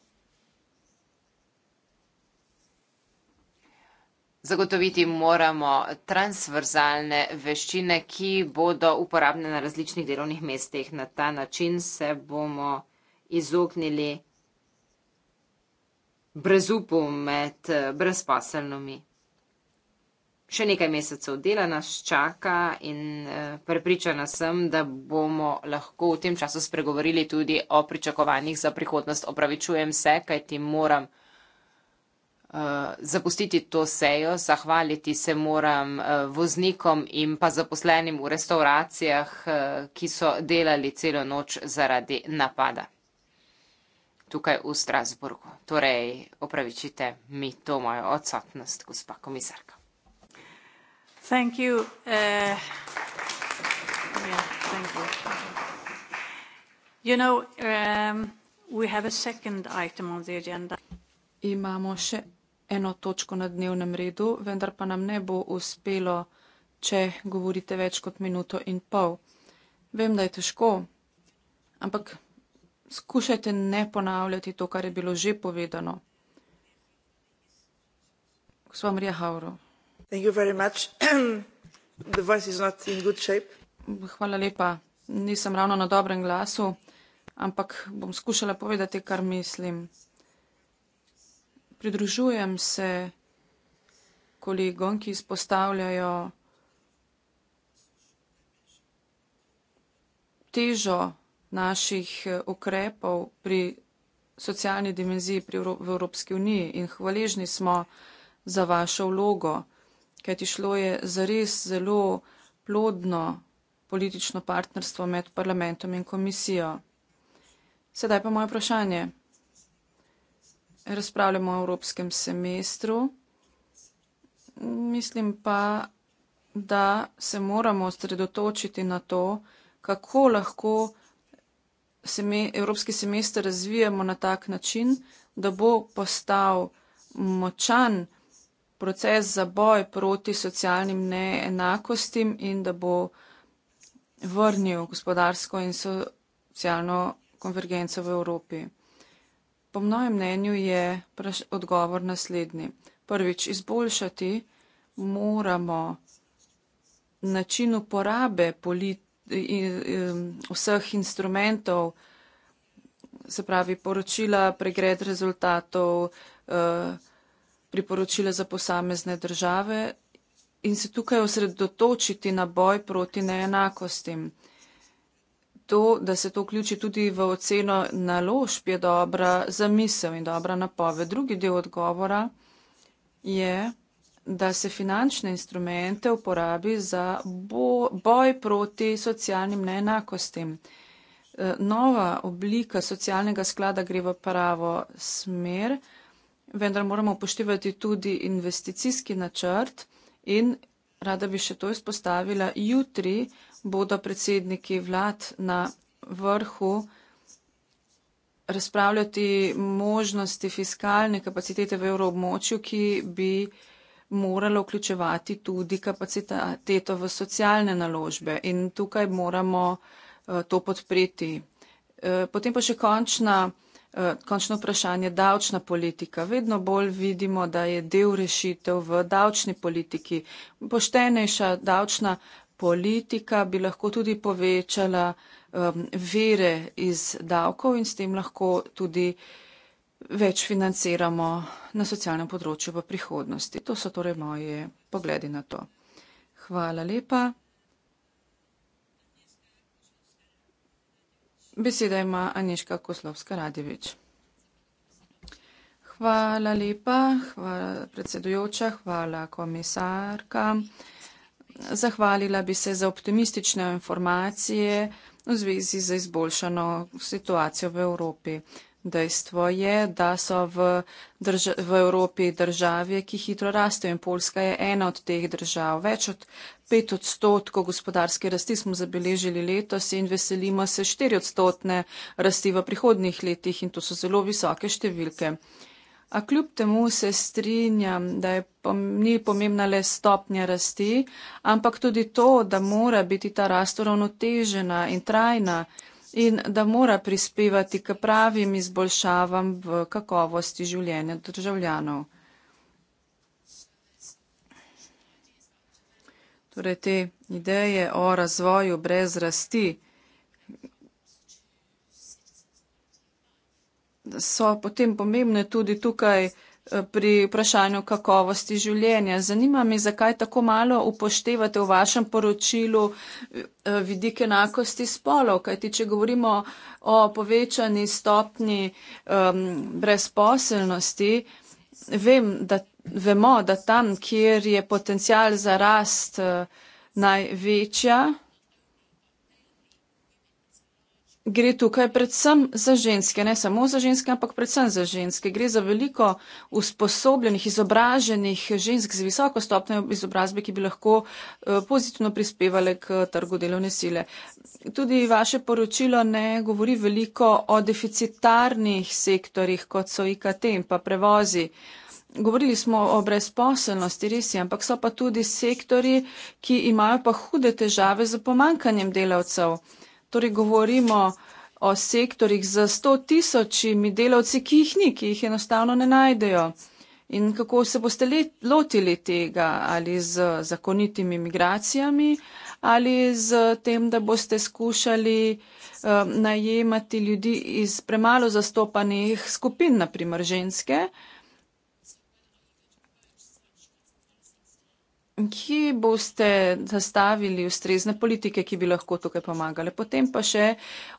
Speaker 9: Zagotoviti moramo transverzalne veščine, ki bodo uporabne na različnih delovnih mestih. Na ta način se bomo izognili brezupu med eh, brezposelnimi. Še nekaj mesecev dela nas čaka in eh, prepričana sem, da bomo lahko v tem času spregovorili tudi o pričakovanjih za prihodnost. Opravičujem se, kaj ti moram. Eh, zapustiti to sejo. Zahvaliti se moram eh, voznikom in pa zaposlenim v restauracijah, eh, ki so delali celo noč zaradi napada tukaj v Strasburgu. Torej, opravičite mi to mojo odsotnost, gospa komisarka.
Speaker 2: Thank you. Uh, yeah, thank you.
Speaker 5: You know, um, we have a second item on the agenda. Imamo še eno točko na dnevnem redu, vendar pa nam ne bo uspelo, če govorite več kot minuto in pol. Vem, da je težko, ampak skušajte ne ponavljati to, kar je bilo že povedano. Gospod Marija Hauro. Hvala lepa. Nisem ravno na dobrem glasu, ampak bom skušala povedati, kar mislim. Pridružujem se kolegom, ki izpostavljajo težo naših ukrepov pri socialni dimenziji pri Evro v Evropski uniji in hvaležni smo za vašo vlogo, kaj ti šlo je za res zelo plodno politično partnerstvo med parlamentom in komisijo. Sedaj pa moje vprašanje razpravljamo o evropskem semestru. Mislim pa, da se moramo osredotočiti na to, kako lahko seme, evropski semester razvijamo na tak način, da bo postal močan proces za boj proti socialnim neenakostim in da bo vrnil gospodarsko in socialno konvergenco v Evropi. Po mojem mnenju je odgovor naslednji. Prvič, izboljšati moramo način uporabe um, vseh instrumentov, se pravi poročila, pregled rezultatov, uh, priporočila za posamezne države in se tukaj osredotočiti na boj proti neenakostim to, da se to vključi tudi v oceno naložb, je dobra zamisel in dobra napove. Drugi del odgovora je, da se finančne instrumente uporabi za boj proti socialnim neenakostim. E, nova oblika socialnega sklada gre v pravo smer, vendar moramo upoštevati tudi investicijski načrt in rada bi še to izpostavila jutri bodo predsedniki vlad na vrhu razpravljati možnosti fiskalne kapacitete v evroobmočju, ki bi moralo vključevati tudi kapaciteto v socialne naložbe. In tukaj moramo eh, to podpreti. Eh, potem pa še končna, eh, končno vprašanje davčna politika. Vedno bolj vidimo, da je del rešitev v davčni politiki. Poštenejša davčna politika bi lahko tudi povečala um, vere iz davkov in s tem lahko tudi več financiramo na socialnem področju v prihodnosti. To so torej moje pogledi na to. Hvala lepa. Beseda ima Aniška Koslovska Radjevič. Hvala lepa, hvala predsedujoča, hvala komisarka zahvalila bi se za optimistične informacije v zvezi z izboljšano situacijo v Evropi. Dejstvo je, da so v, drž v Evropi države, ki hitro rastejo in Poljska je ena od teh držav. Več od pet odstotkov gospodarske rasti smo zabeležili letos in veselimo se štiri odstotne rasti v prihodnih letih in to so zelo visoke številke. A kljub temu se strinjam, da je, ni pomembna le stopnja rasti, ampak tudi to, da mora biti ta rast uravnotežena in trajna in da mora prispevati k pravim izboljšavam v kakovosti življenja državljanov. Torej te ideje o razvoju brez rasti. so potem pomembne tudi tukaj eh, pri vprašanju kakovosti življenja. Zanima me, zakaj tako malo upoštevate v vašem poročilu eh, vidik enakosti spolov, kajti če govorimo o povečani stopni um, ehm, brezposelnosti, vem, da, vemo, da tam, kjer je potencial za rast uh, največja, gre tukaj predvsem za ženske, ne samo za ženske, ampak predvsem za ženske. Gre za veliko usposobljenih, izobraženih žensk z visoko stopnjo izobrazbe, ki bi lahko eh, pozitivno prispevale k trgu delovne sile. Tudi vaše poročilo ne govori veliko o deficitarnih sektorjih, kot so IKT in pa prevozi. Govorili smo o brezposelnosti, res je, ampak so pa tudi sektori, ki imajo pa hude težave z pomankanjem delavcev torej govorimo o sektorjih z 100 tisočimi delavci, ki jih ni, ki jih enostavno ne najdejo. In kako se boste lotili tega, ali z zakonitimi migracijami, ali z tem, da boste skušali um, najemati ljudi iz premalo zastopanih skupin, naprimer ženske, uh, ki boste zastavili ustrezne politike, ki bi lahko tukaj pomagale. Potem pa še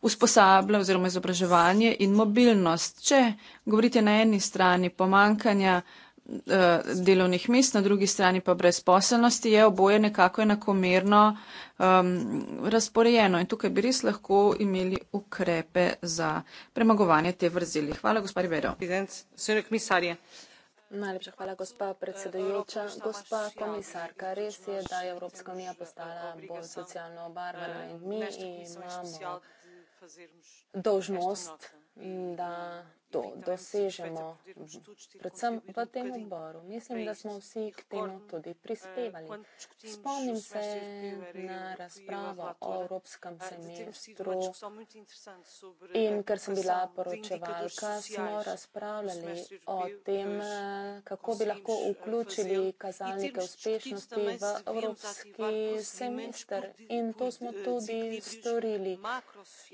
Speaker 5: usposabla oziroma izobraževanje in mobilnost. Če govorite na eni strani pomankanja eh, delovnih mest, na drugi strani pa brezposelnosti, je oboje nekako enakomerno eh, razporejeno in tukaj bi res lahko imeli ukrepe za premagovanje te vrzeli. Hvala, gospod Ribero.
Speaker 1: Najlepša hvala, gospa predsedujoča. Gospa komisarka, res je, da je Evropska unija postala bolj socialno obarvana in mi imamo dožnost da to dosežemo, predvsem v tem odboru. Mislim, da smo vsi k temu tudi prispevali. Spomnim se na razpravo o Evropskem semestru in ker sem bila poročevalka, smo razpravljali o tem, kako bi lahko vključili kazalnike uspešnosti v Evropski semester in to smo tudi storili.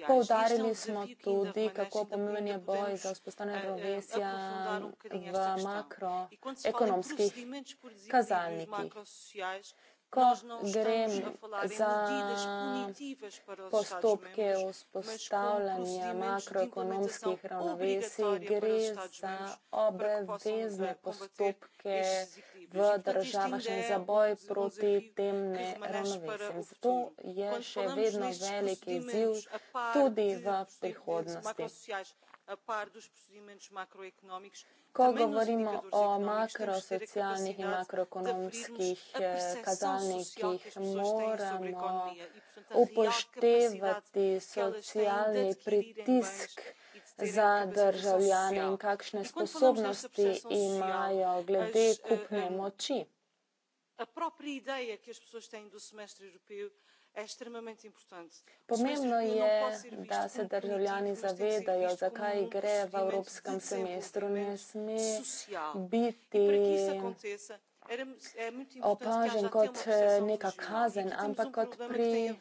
Speaker 1: Poudarili smo tudi, kako pomemben je boj za vzpostavljanje eh, eh, ravnovesja um v e makroekonomskih kazalnikih. Ko grem za eh, postopke vzpostavljanja makroekonomskih ravnovesij, gre za obvezne postopke, v državah in za boj proti tem neravnovesjem. Zato je še vedno velik izziv tudi v prihodnosti. Ko govorimo o makrosocialnih in makroekonomskih eh, kazalnikih, moramo upoštevati socialni pritisk za državljane in kakšne sposobnosti imajo glede kupne moči.
Speaker 5: Pomembno je, da se državljani
Speaker 1: zavedajo, zakaj gre v Evropskem semestru. Ne sme biti
Speaker 5: opažen kot
Speaker 1: eh, neka kazen, e um ampak kot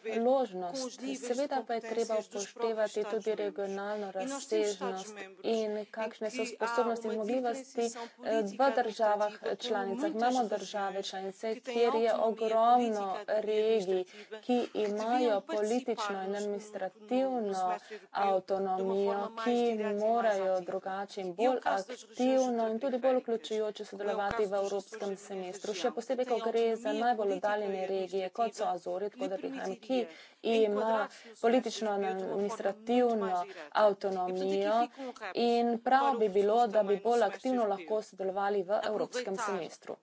Speaker 1: priložnost.
Speaker 5: Seveda pa je treba upoštevati tudi
Speaker 1: regionalno e razsežnost in kakšne so sposobnosti in zmogljivosti eh, v državah članicah. Imamo države članice, kjer je ogromno regij, ki imajo politično in administrativno avtonomijo, ki e morajo drugače in bolj aktivno in tudi bolj vključujoče sodelovati v Evropskem semestru mestu, še posebej, ko gre za najbolj oddaljene regije, kot so Azori, tako da prihajam, ki ima politično-administrativno avtonomijo in prav bi bilo, da bi bolj aktivno lahko sodelovali v evropskem semestru.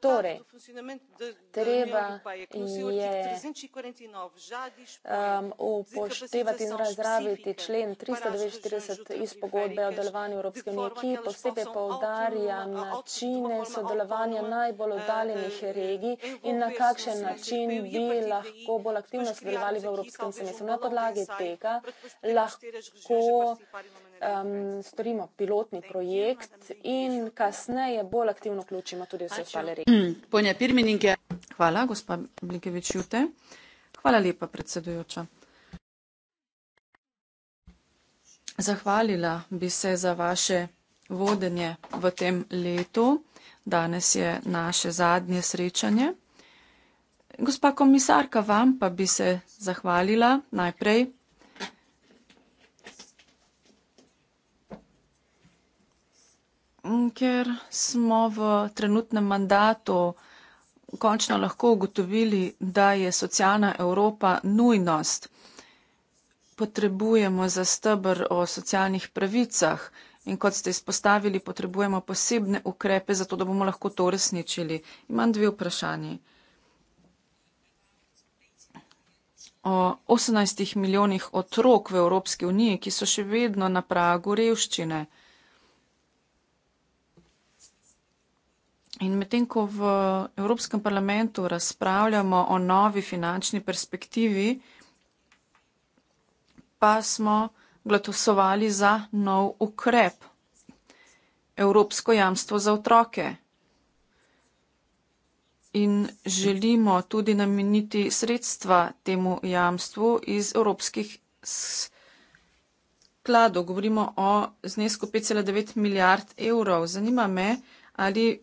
Speaker 1: Torej, treba je um, upoštevati in razraviti člen 349 iz pogodbe o delovanju Evropske unije, ki posebej poudarja načine sodelovanja najbolj oddaljenih eh, regij eh, in na kakšen način bi lahko bolj aktivno sodelovali v Evropskim semestrom. Na podlagi tega lahko um, storimo pilotni projekt in kasneje bolj aktivno vključimo tudi vse ostale regije.
Speaker 5: Mm, Hvala, gospa Blikevič Jute. Hvala lepa, predsedujoča. Zahvalila bi se za vaše vodenje v tem letu. Danes je naše zadnje srečanje. Gospa komisarka, vam pa bi se zahvalila najprej. Ker smo v trenutnem mandatu končno lahko ugotovili, da je socialna Evropa nujnost. Potrebujemo za stebr o socialnih pravicah in kot ste izpostavili, potrebujemo posebne ukrepe, zato da bomo lahko to uresničili. Imam dve vprašanje. o 18 milijonih otrok v Evropski uniji, ki so še vedno na pragu revščine. In medtem, ko v Evropskem parlamentu razpravljamo o novi finančni perspektivi, pa smo glasovali za nov ukrep, Evropsko jamstvo za otroke in želimo tudi nameniti sredstva temu jamstvu iz evropskih skladov. Govorimo o znesku 5,9 milijard evrov. Zanima me, ali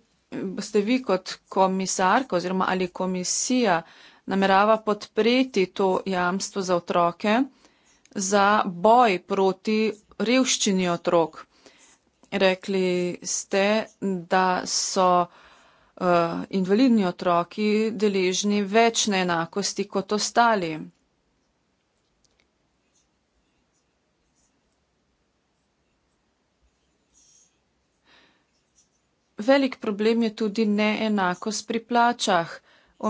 Speaker 5: ste vi kot komisarka oziroma ali komisija namerava podpreti to jamstvo za otroke za boj proti revščini otrok. Rekli ste, da so uh, invalidni otroki deležni več neenakosti kot ostali. Velik problem je tudi neenakost pri plačah.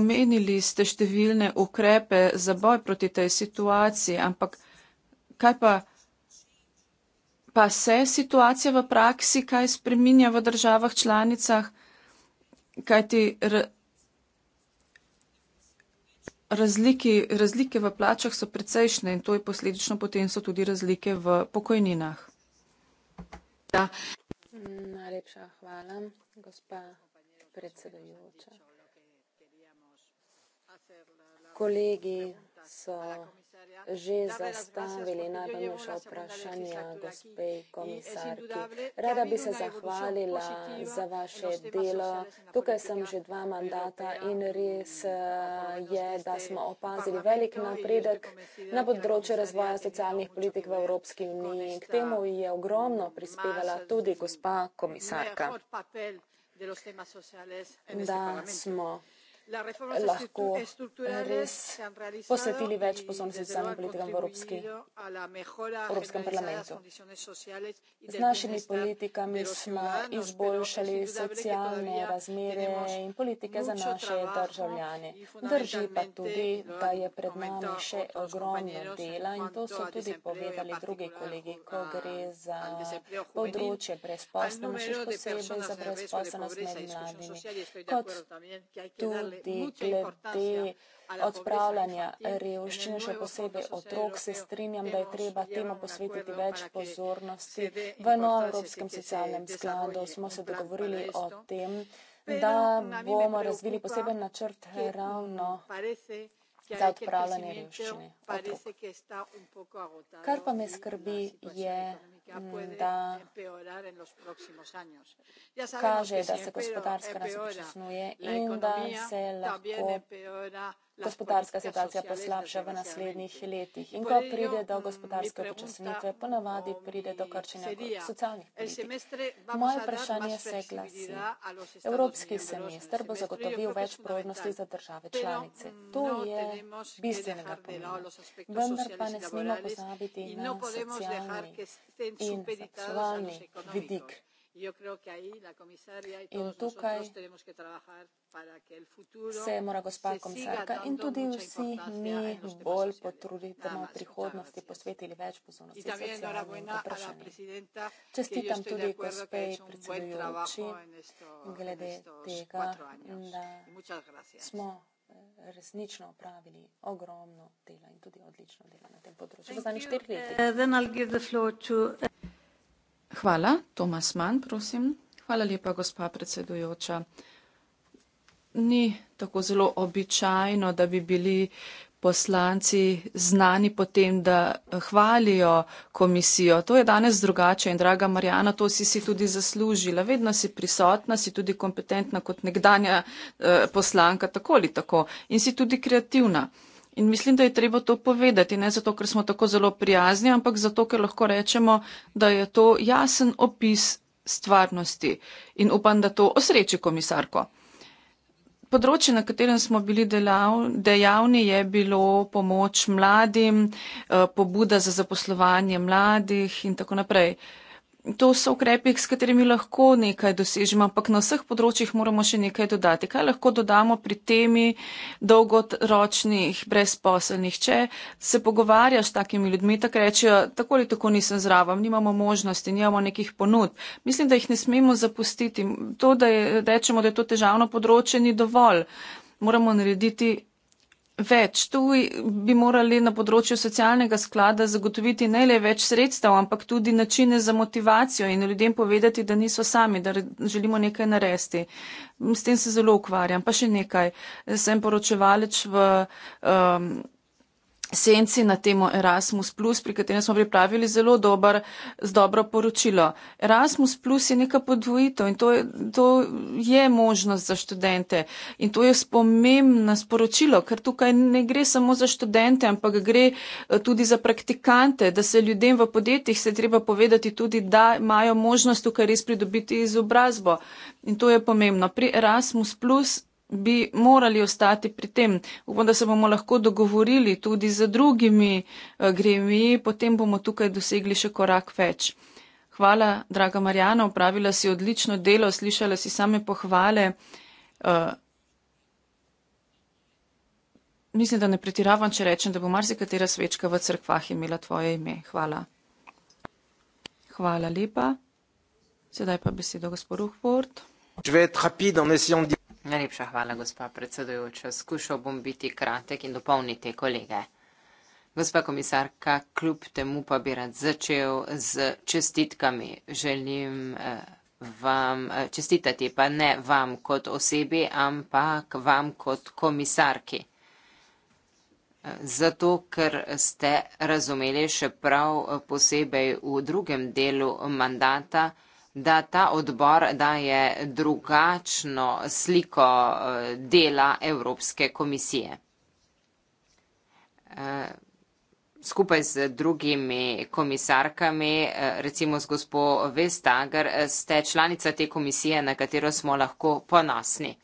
Speaker 5: Omenili ste številne ukrepe za boj proti tej situaciji, ampak kaj pa, pa se situacija v praksi kaj spreminja v državah članicah? kajti razliki, razlike v plačah so precejšnje in to je posledično potem so tudi razlike v pokojninah.
Speaker 1: Da. Najlepša hvala, gospa predsedujoča. Kolegi so že zastavili najpomembnejša vprašanja, gospe komisarki. Rada bi se zahvalila za vaše delo. Tukaj sem že dva mandata in res je, da smo opazili velik napredek na področju razvoja socialnih politik v Evropski uniji. K temu je ogromno prispevala tudi gospa komisarka. Da smo
Speaker 2: Eh, lahko res
Speaker 1: posvetili več pozornosti socialnim politikam v Evropski, Evropskem parlamentu. Z našimi politikami smo izboljšali socialne razmere in politike za naše državljane. Drži pa tudi, da je pred nami še ogromno dela in to so tudi povedali drugi kolegi, ko gre za področje brezposlenosti, še posebej za brezposlenost med mladimi. Kot tudi glede, glede odpravljanja revščine, še posebej otrok, se strinjam, da je treba temu posvetiti več pozornosti. V novem Evropskem socialnem skladu smo se dogovorili o tem, da bomo razvili poseben načrt ravno
Speaker 2: za odpravljanje revščine. Otrok.
Speaker 1: Kar pa me skrbi je
Speaker 2: da kaže, da se gospodarska rast počasnuje in da se lahko
Speaker 1: gospodarska situacija poslabša v naslednjih letih. In ko pride do gospodarske počasnitve, ponavadi pride do krčenja socialnih politik.
Speaker 2: Moje vprašanje se glasi.
Speaker 1: Evropski semester bo zagotovil več prožnosti za države članice. Mm, to no je bistvenega pomena. Vendar pa ne smemo pozabiti na no socialni
Speaker 2: in socialni vidik In tukaj se mora gospa komisarka in tudi vsi
Speaker 1: mi bolj potruditi, da bomo v prihodnosti posvetili več pozornosti socialnim vprašanjem.
Speaker 2: Čestitam tudi gospe predsedujoči
Speaker 1: glede tega, da smo eh, resnično opravili ogromno dela in tudi odlično dela na tem področju. Zadnjih štirih
Speaker 5: letih. Eh, Hvala. Tomas Mann, prosim. Hvala lepa, gospa predsedujoča. Ni tako zelo običajno, da bi bili poslanci znani potem, da hvalijo komisijo. To je danes drugače in, draga Marjana, to si si tudi zaslužila. Vedno si prisotna, si tudi kompetentna kot nekdanja eh, poslanka, tako ali tako. In si tudi kreativna. Eh, In mislim, da je treba to povedati, ne zato, ker smo tako zelo prijazni, ampak zato, ker lahko rečemo, da je to jasen opis stvarnosti in upam, da to osreči komisarko. Področje, na katerem smo bili delav, dejavni, je bilo pomoč mladim, eh, pobuda za zaposlovanje mladih in tako naprej to so ukrepi, s katerimi lahko nekaj dosežemo, ampak na vseh področjih moramo še nekaj dodati. Kaj lahko dodamo pri temi dolgoročnih brezposelnih? Če se pogovarjaš s takimi ljudmi, tak rečejo, tako ali tako nisem zraven, nimamo možnosti, nimamo nekih ponud. Mislim, da jih ne smemo zapustiti. To, da je, rečemo, da je to težavno področje, ni dovolj. Moramo narediti več. Tu bi morali na področju socialnega sklada zagotoviti ne le več sredstev, ampak tudi načine za motivacijo in ljudem povedati, da niso sami, da želimo nekaj naresti. S tem se zelo ukvarjam. Pa še nekaj. Sem poročevalič v. Um, senci na temo Erasmus, pri katerem smo pripravili zelo dober, dobro poročilo. Erasmus je neka podvojitev in to je, to je možnost za študente in to je spomembno sporočilo, ker tukaj ne gre samo za študente, ampak gre eh, tudi za praktikante, da se ljudem v podjetjih se treba povedati tudi, da imajo možnost tukaj res pridobiti izobrazbo. In to je pomembno. Pri Erasmus bi morali ostati pri tem. Upam, da se bomo lahko dogovorili tudi z drugimi eh, gremiji, potem bomo tukaj dosegli še korak več. Hvala, draga Marjana, upravila si odlično delo, slišala si same pohvale. Uh, mislim, da ne pretiravam, če rečem, da bo marsikatera svečka v crkvah imela tvoje ime. Hvala. Hvala lepa. Sedaj pa besedo gospodu Hvort.
Speaker 9: Najlepša hvala, gospa predsedujoča. Skušal bom biti kratek in dopolniti kolege. Gospa komisarka, kljub temu pa bi rad začel z čestitkami. Želim eh, vam eh, čestitati, pa ne vam kot osebi, ampak vam kot komisarki. Eh, zato, ker ste razumeli še prav posebej v drugem delu mandata, da ta odbor daje drugačno sliko eh, dela Evropske komisije. Eh, skupaj z drugimi komisarkami, eh, recimo z gospo Vestager, ste članica te komisije, na katero smo lahko ponosni.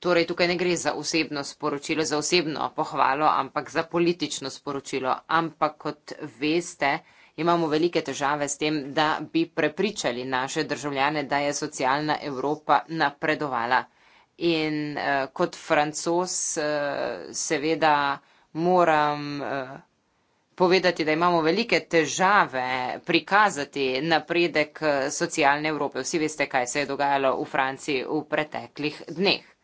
Speaker 9: Torej, tukaj ne gre za osebno sporočilo, za osebno pohvalo, ampak za politično sporočilo. Ampak, kot veste, imamo velike težave s tem, da bi prepričali naše državljane, da je socialna Evropa napredovala. In uh, kot francos uh, eh, seveda moram uh, povedati, da imamo velike težave prikazati napredek socialne Evrope. Vsi veste, kaj se je dogajalo v Franciji v preteklih dneh.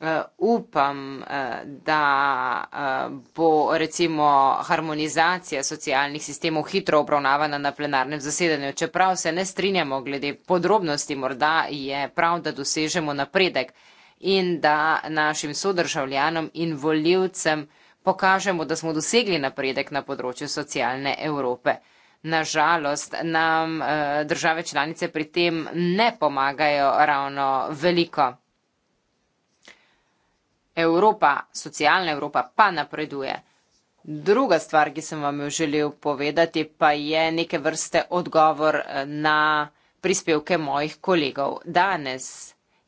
Speaker 9: Eh, upam, eh, da eh, bo recimo harmonizacija socialnih sistemov hitro obravnavana na plenarnem zasedanju. Čeprav se ne strinjamo glede podrobnosti, morda je prav, da dosežemo napredek in da našim sodržavljanom in voljivcem pokažemo, da smo dosegli napredek na področju socialne Evrope. Nažalost, nam države članice pri tem ne pomagajo ravno veliko. Evropa, socialna Evropa pa napreduje. Druga stvar, ki sem vam jo želel povedati, pa je neke vrste odgovor eh, na prispevke mojih kolegov. Danes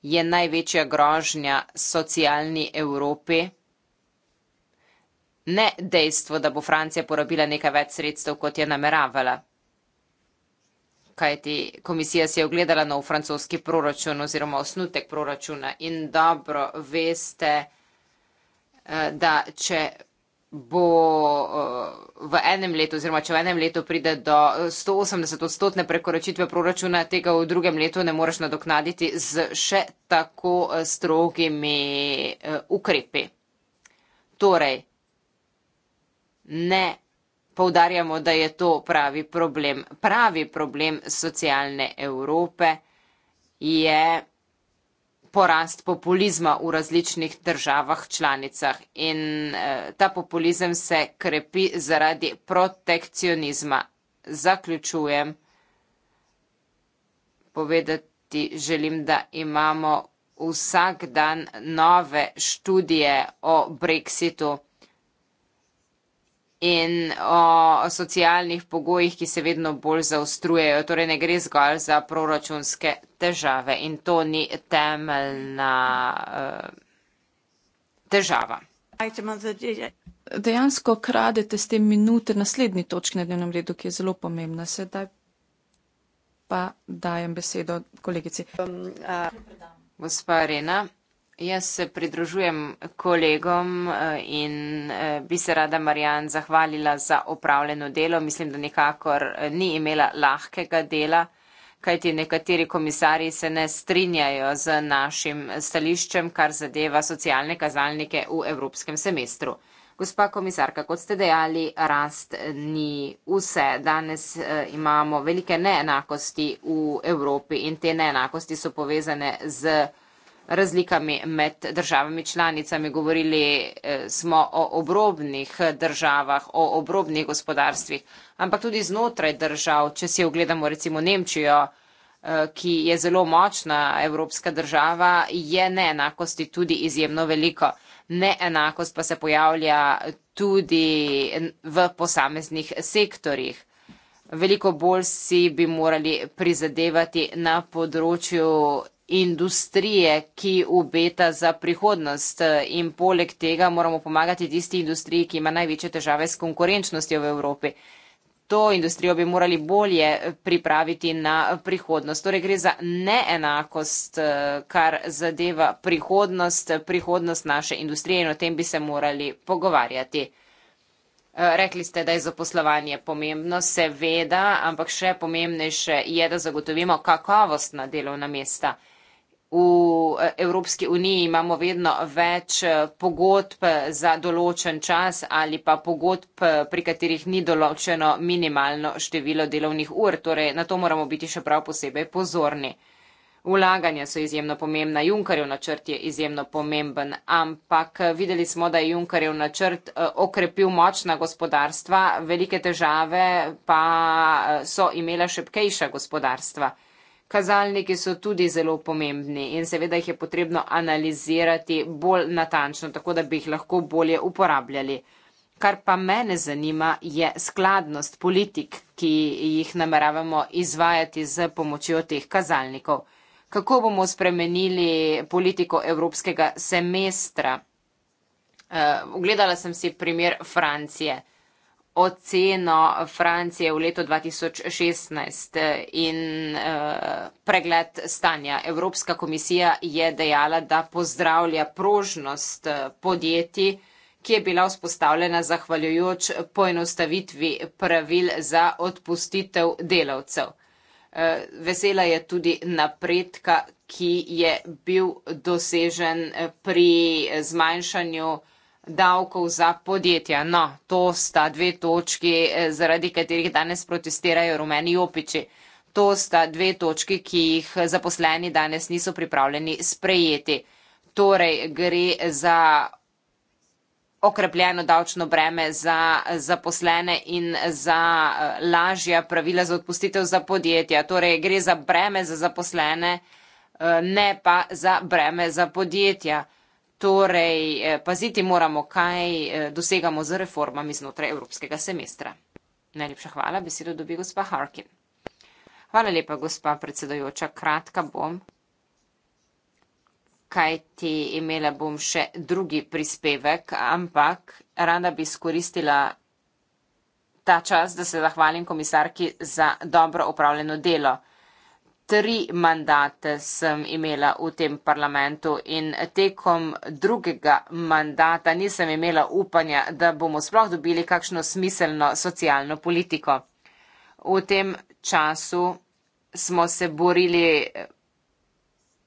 Speaker 9: je največja grožnja socialni Evropi. Ne dejstvo, da bo Francija porabila nekaj več sredstev, kot je nameravala. Kajti komisija si je ogledala nov francoski proračun oziroma osnutek proračuna in dobro veste, Eh, da če bo eh, v enem letu, oziroma če v enem letu pride do 180 odstotne prekoračitve proračuna, tega v drugem letu ne moreš nadoknaditi z še tako eh, strogimi ukrepi. Torej, ne poudarjamo, da je to pravi problem. Pravi problem socialne Evrope je porast populizma v različnih državah članicah in eh, ta populizem se krepi zaradi protekcionizma. Zaključujem. Povedati želim, da imamo vsak dan nove študije o Brexitu in o socialnih pogojih, ki se vedno bolj zaostrujejo. Torej ne gre zgolj za proračunske težave in to ni temeljna uh, težava.
Speaker 5: Dejansko kradete s tem minute naslednji točki na dnevnem redu, ki je zelo pomembna. Sedaj pa dajem besedo kolegici. Um, uh,
Speaker 9: Gospa Arena. Jaz se pridružujem kolegom eh, in eh, bi se rada Marjan zahvalila za opravljeno delo. Mislim, da nekakor eh, ni imela lahkega dela, kajti nekateri komisari se ne strinjajo z našim stališčem, kar zadeva socialne kazalnike v evropskem semestru. Gospa komisarka, kot ste dejali, rast ni vse. Danes imamo velike neenakosti v Evropi in te neenakosti so povezane z razlikami med državami članicami. Govorili eh, smo o obrobnih državah, o obrobnih gospodarstvih, ampak tudi znotraj držav, če si ogledamo recimo Nemčijo, eh, ki je zelo močna evropska država, je neenakosti tudi izjemno veliko. Neenakost pa se pojavlja tudi v posameznih sektorjih. Veliko bolj si bi morali prizadevati na področju industrije, ki obeta za prihodnost. In poleg tega moramo pomagati tisti industriji, ki ima največje težave s konkurenčnostjo v Evropi. To industrijo bi morali bolje pripraviti na prihodnost. Torej gre za neenakost, kar zadeva prihodnost, prihodnost naše industrije in o tem bi se morali pogovarjati. Rekli ste, da je zaposlovanje pomembno, seveda, ampak še pomembnejše je, da zagotovimo kakovostna delovna mesta. V eh, Evropski uniji imamo vedno več eh, pogodb eh, za določen čas ali pa pogodb, pri katerih ni določeno minimalno število delovnih ur, torej na to moramo biti še prav posebej pozorni. Ulaganja so izjemno pomembna, Junkarjev načrt je izjemno pomemben, ampak videli smo, da je Junkarjev načrt okrepil močna gospodarstva, velike težave pa so imela šepkejša gospodarstva kazalniki so tudi zelo pomembni in seveda jih je potrebno analizirati bolj natančno, tako da bi jih lahko bolje uporabljali. Kar pa mene zanima, je skladnost politik, ki jih nameravamo izvajati z pomočjo teh kazalnikov. Kako bomo spremenili politiko evropskega semestra? Eh, ugledala sem si primer Francije oceno Francije v letu 2016 in uh, pregled stanja. Evropska komisija je dejala, da pozdravlja prožnost eh, podjetij, ki je bila vzpostavljena zahvaljujoč poenostavitvi pravil za odpustitev delavcev. Uh, vesela je tudi napredka, ki je bil dosežen pri zmanjšanju uh, davkov za podjetja. No, to sta dve točki, eh, zaradi katerih danes protestirajo rumeni jopiči. To sta dve točki, ki jih eh, zaposleni danes niso pripravljeni sprejeti. Torej, gre za okrepljeno davčno breme za zaposlene in za eh, lažja pravila za odpustitev za podjetja. Torej, gre za breme za zaposlene, ne pa za breme za podjetja. Torej, eh, paziti moramo, kaj eh, dosegamo z reformami znotraj evropskega semestra. Najlepša hvala, besedo dobi gospa Harkin. Hvala lepa, gospa predsedojoča, kratka bom, kaj ti imela bom še drugi prispevek, ampak rada bi skoristila ta čas, da se zahvalim komisarki za dobro upravljeno delo tri mandate sem imela v tem parlamentu in tekom drugega mandata nisem imela upanja, da bomo sploh dobili kakšno smiselno socialno politiko. V tem času smo se borili eh,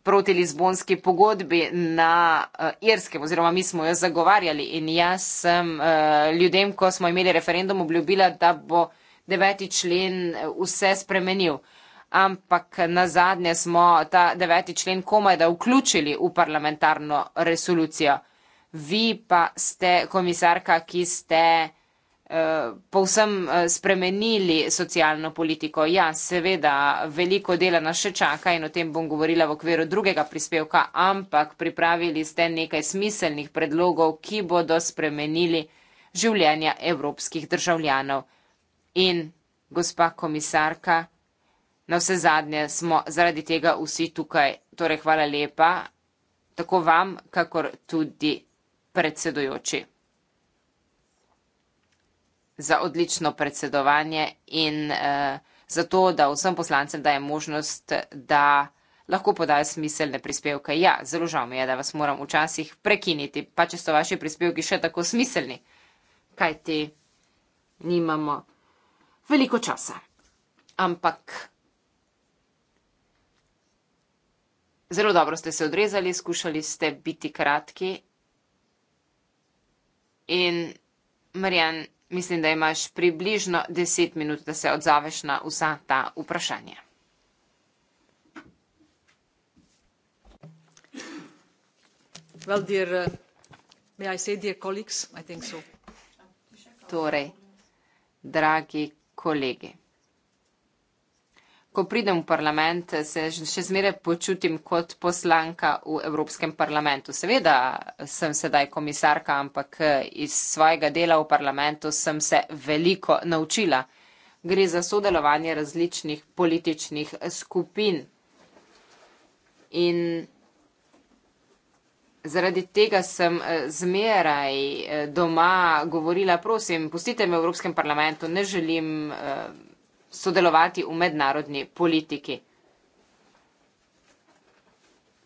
Speaker 9: proti Lizbonski pogodbi na uh, Irskem oziroma mi smo jo zagovarjali in jaz sem uh, ljudem, ko smo imeli referendum, obljubila, da bo deveti člen vse spremenil. Uh, ampak na zadnje smo ta deveti člen komaj da vključili v parlamentarno resolucijo. Vi pa ste komisarka, ki ste eh, povsem eh, spremenili socialno politiko. Ja, seveda, veliko dela nas še čaka in o tem bom govorila v okviru drugega prispevka, ampak pripravili ste nekaj smiselnih predlogov, ki bodo spremenili življenja evropskih državljanov. In, gospa komisarka, Na vse zadnje smo zaradi tega vsi tukaj, torej hvala lepa, tako vam, kakor tudi predsedojoči. Za odlično predsedovanje in eh, za to, da vsem poslancem daje možnost, da lahko podajo smiselne prispevke. Ja, zelo žal mi je, da vas moram včasih prekiniti, pa če so vaši prispevki še tako smiselni, kajti nimamo veliko časa. Ampak Zelo dobro ste se odrezali, skušali ste biti kratki. In, Marjan, mislim, da imaš približno deset minut, da se odzaveš na vsa ta vprašanja.
Speaker 6: Well, dear, uh,
Speaker 9: so. Torej, dragi kolegi ko pridem v parlament, se še zmeraj počutim kot poslanka v Evropskem parlamentu. Seveda sem sedaj komisarka, ampak iz svojega dela v parlamentu sem se veliko naučila. Gre za sodelovanje različnih političnih skupin. In zaradi tega sem zmeraj doma govorila, prosim, pustite me v Evropskem parlamentu, ne želim eh, sodelovati v mednarodni politiki.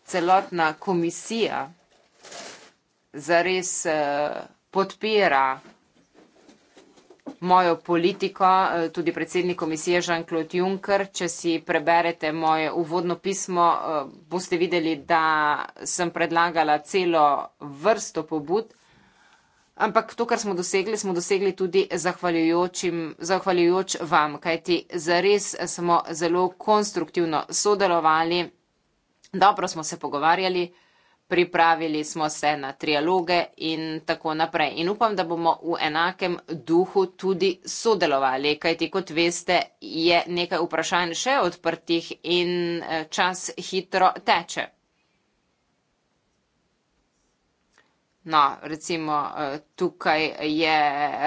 Speaker 9: Celotna komisija zares eh, podpira mojo politiko, eh, tudi predsednik komisije Jean-Claude Juncker. Če si preberete moje uvodno pismo, eh, boste videli, da sem predlagala celo vrsto pobud. Ampak to, kar smo dosegli, smo dosegli tudi zahvaljujoč vam, kajti zares smo zelo konstruktivno sodelovali, dobro smo se pogovarjali, pripravili smo se na trialoge in tako naprej. In upam, da bomo v enakem duhu tudi sodelovali, kajti kot veste, je nekaj vprašanj še odprtih in eh, čas hitro teče. No, recimo eh, tukaj je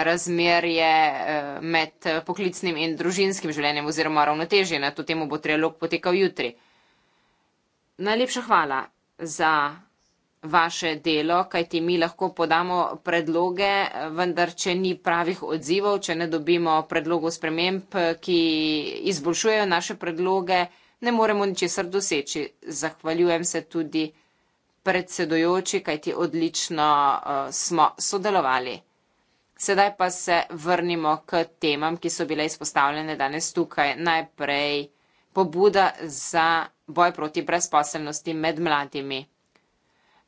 Speaker 9: razmerje eh, med poklicnim in družinskim življenjem oziroma ravnotežje. Na to temu bo trialog potekal jutri. Najlepša hvala za vaše delo, kajti mi lahko podamo predloge, vendar če ni pravih odzivov, če ne dobimo predlogov sprememb, ki izboljšujejo naše predloge, ne moremo ničesar doseči. Zahvaljujem se tudi predsedujoči, kajti odlično uh, smo sodelovali. Sedaj pa se vrnimo k temam, ki so bile izpostavljene danes tukaj. Najprej pobuda za boj proti brezposelnosti med mladimi.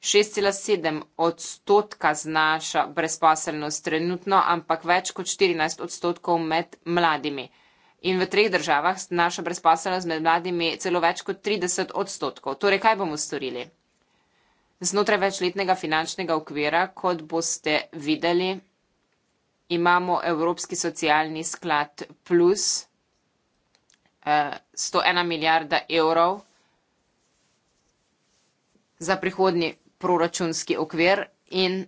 Speaker 9: 6,7 odstotka znaša brezposelnost trenutno, ampak več kot 14 odstotkov med mladimi. In v treh državah znaša brezposelnost med mladimi celo več kot 30 odstotkov. Torej, kaj bomo storili? Znotraj večletnega finančnega okvira, kot boste videli, imamo Evropski socialni sklad plus 101 eh, milijarda evrov za prihodni proračunski okvir in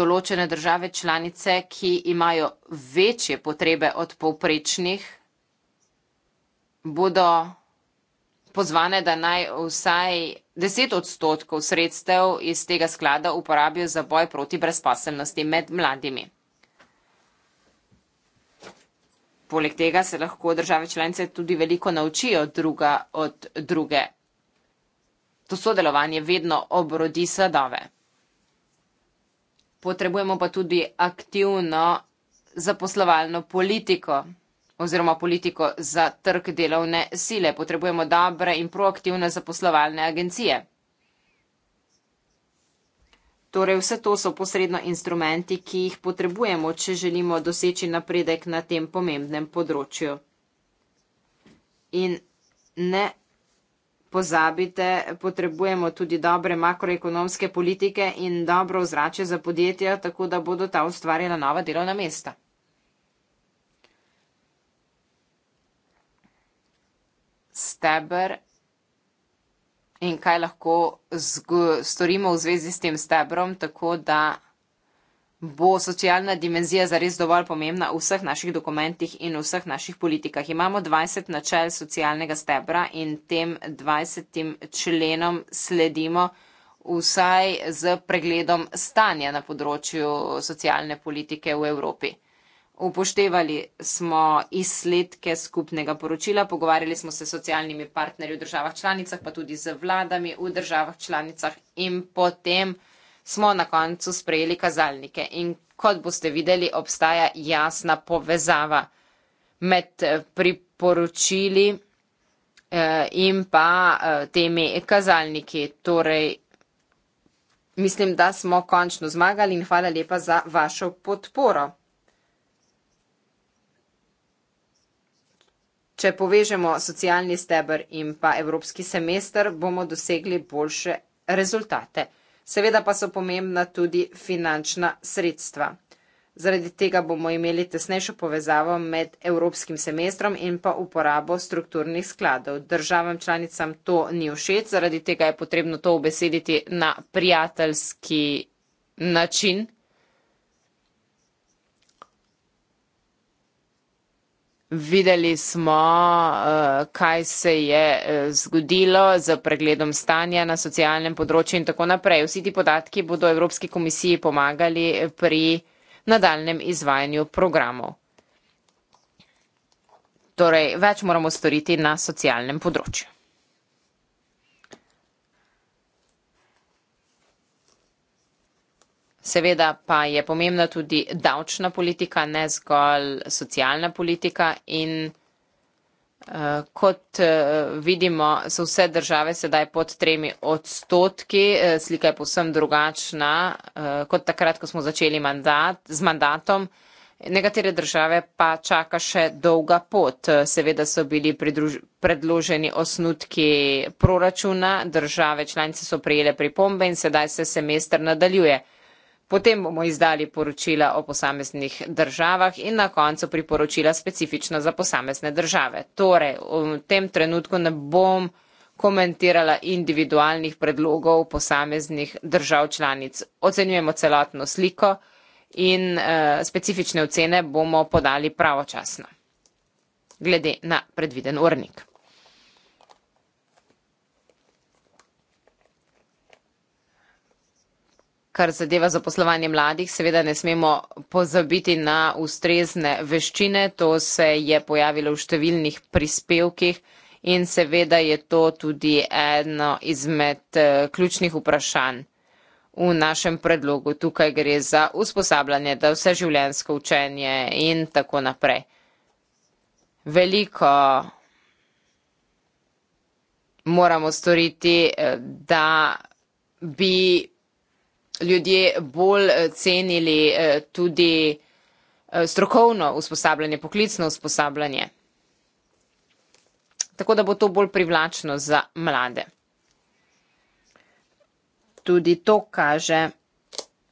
Speaker 9: določene države članice, ki imajo večje potrebe od povprečnih, bodo pozvane, da naj vsaj 10 odstotkov sredstev iz tega sklada uporabijo za boj proti brezposelnosti med mladimi. Poleg tega se lahko države članice tudi veliko naučijo druga od druge. To sodelovanje vedno obrodi sadove. Potrebujemo pa tudi aktivno zaposlovalno politiko oziroma politiko za trg delovne sile. Potrebujemo dobre in proaktivne zaposlovalne agencije. Torej, vse to so posredno instrumenti, ki jih potrebujemo, če želimo doseči napredek na tem pomembnem področju. In ne pozabite, potrebujemo tudi dobre makroekonomske politike in dobro vzrače za podjetja, tako da bodo ta ustvarjala nova delovna mesta. steber in kaj lahko storimo v zvezi s tem stebrom, tako da bo socialna dimenzija zares dovolj pomembna v vseh naših dokumentih in v vseh naših politikah. Imamo 20 načel socialnega stebra in tem 20 členom sledimo vsaj z pregledom stanja na področju socialne politike v Evropi. Upoštevali smo izsledke skupnega poročila, pogovarjali smo se s socialnimi partnerji v državah članicah, pa tudi z vladami v državah članicah in potem smo na koncu sprejeli kazalnike. In kot boste videli, obstaja jasna povezava med eh, priporočili eh, in pa eh, temi kazalniki. Torej, mislim, da smo končno zmagali in hvala lepa za vašo podporo. Če povežemo socialni steber in pa evropski semester, bomo dosegli boljše rezultate. Seveda pa so pomembna tudi finančna sredstva. Zaradi tega bomo imeli tesnejšo povezavo med evropskim semestrom in pa uporabo strukturnih skladov. Državam članicam to ni všeč, zaradi tega je potrebno to obesediti na prijateljski način, Videli smo, eh, kaj se je eh, zgodilo z pregledom stanja na socialnem področju in tako naprej. Vsi ti podatki bodo Evropski komisiji pomagali pri nadaljem izvajanju programov. Torej, več moramo storiti na socialnem področju. Seveda pa je pomembna tudi davčna politika, ne zgolj socialna politika in uh, kot uh, vidimo, so vse države sedaj pod tremi odstotki, eh, slika je povsem drugačna uh, kot takrat, ko smo začeli mandat, z mandatom. Nekatere države pa čaka še dolga pot. Seveda so bili pridruž, predloženi osnutki proračuna, države članice so prijele pripombe in sedaj se semester nadaljuje potem bomo izdali poročila o posameznih državah in na koncu priporočila specifično za posamezne države. Torej, v tem trenutku ne bom komentirala individualnih predlogov posameznih držav članic. Ocenjujemo celotno sliko in e, specifične ocene bomo podali pravočasno, glede na predviden urnik. kar zadeva zaposlovanje mladih, seveda ne smemo pozabiti na ustrezne veščine. To se je pojavilo v številnih prispevkih in seveda je to tudi eno izmed eh, ključnih vprašanj v našem predlogu. Tukaj gre za usposabljanje, da vse življensko učenje in tako naprej. Veliko moramo storiti, eh, da bi ljudje bolj eh, cenili eh, tudi eh, strokovno usposabljanje, poklicno usposabljanje. Tako da bo to bolj privlačno za mlade. Tudi to kaže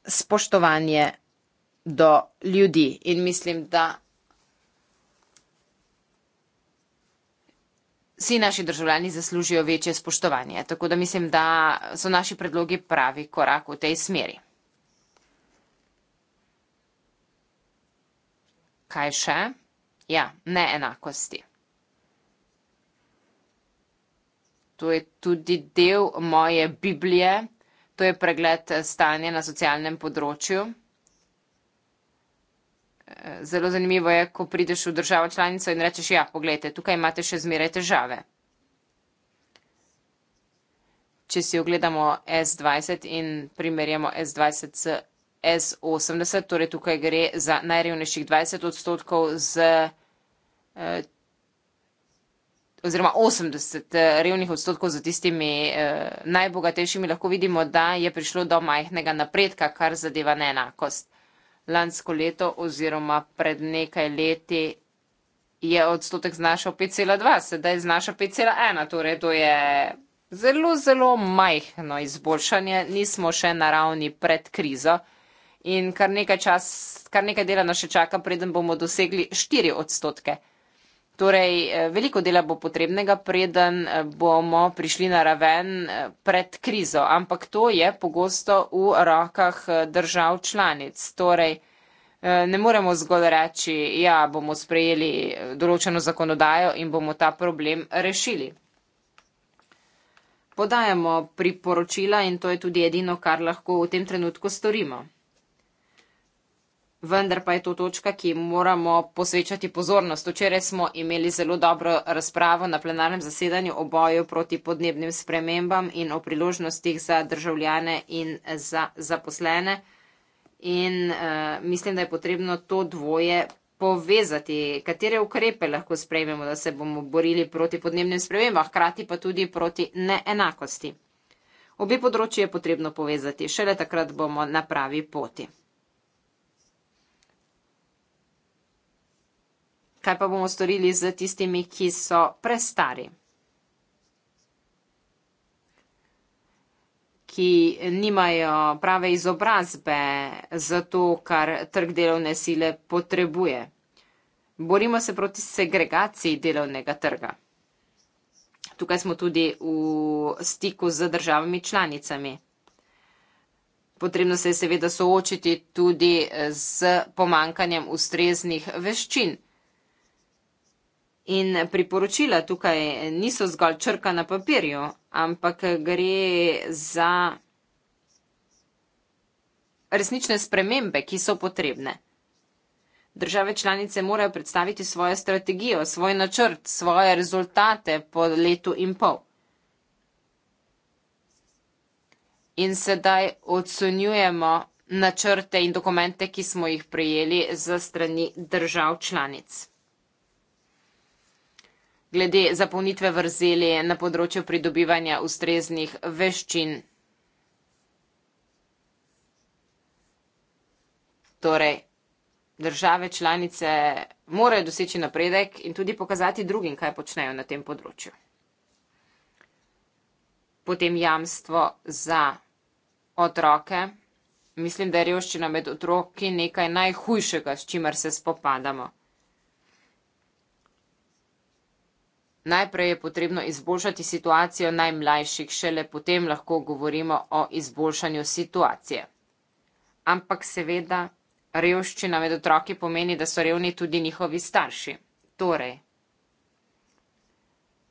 Speaker 9: spoštovanje do ljudi in mislim, da vsi naši državljani zaslužijo večje spoštovanje. Tako da mislim, da so naši predlogi pravi korak v tej smeri. Kaj še? Ja, neenakosti. To je tudi del moje Biblije, to je pregled stanja na socialnem področju zelo zanimivo je, ko prideš v državo članico in rečeš, ja, pogledajte, tukaj imate še zmeraj težave. Če si ogledamo S20 in primerjamo S20 s S80, torej tukaj gre za najrevnejših 20 odstotkov z. Eh, oziroma 80 eh, revnih odstotkov za tistimi eh, najbogatejšimi, lahko vidimo, da je prišlo do majhnega napredka, kar zadeva neenakost lansko leto oziroma pred nekaj leti je odstotek znašal 5,2, sedaj znaša 5,1. Torej, to je zelo, zelo majhno izboljšanje, nismo še na ravni pred krizo in kar nekaj časa, kar nekaj dela nas še čaka, preden bomo dosegli 4 odstotke. Torej, eh, veliko dela bo potrebnega, preden eh, bomo prišli na raven eh, pred krizo, ampak to je pogosto v rokah držav članic. Torej, ne moremo zgolj reči, ja, bomo sprejeli določeno zakonodajo in bomo ta problem rešili. Podajamo priporočila in to je tudi edino, kar lahko v tem trenutku storimo vendar pa je to točka, ki moramo posvečati pozornost. Včeraj smo imeli zelo dobro razpravo na plenarnem zasedanju o boju proti podnebnim spremembam in o priložnostih za državljane in za zaposlene. In uh, mislim, da je potrebno to dvoje povezati, katere ukrepe lahko sprejmemo, da se bomo borili proti podnebnim spremembam, hkrati pa tudi proti neenakosti. Obe področji je potrebno povezati, šele takrat bomo na pravi poti. Kaj pa bomo storili z tistimi, ki so prestari, ki nimajo prave izobrazbe za to, kar trg delovne sile potrebuje? Borimo se proti segregaciji delovnega trga. Tukaj smo tudi v stiku z državami članicami. Potrebno se je seveda soočiti tudi z pomankanjem ustreznih veščin. In priporočila tukaj niso zgolj črka na papirju, ampak gre za resnične spremembe, ki so potrebne. Države članice morajo predstaviti svojo strategijo, svoj načrt, svoje rezultate po letu in pol. In sedaj ocenjujemo načrte in dokumente, ki smo jih prijeli za strani držav članic glede zapolnitve vrzeli na področju pridobivanja ustreznih veščin. Torej, države članice morajo doseči napredek in tudi pokazati drugim, kaj počnejo na tem področju. Potem jamstvo za otroke. Mislim, da je revščina med otroki nekaj najhujšega, s čimer se spopadamo. Najprej je potrebno izboljšati situacijo najmlajših, šele potem lahko govorimo o izboljšanju situacije. Ampak seveda, revščina med otroki pomeni, da so revni tudi njihovi starši. Torej,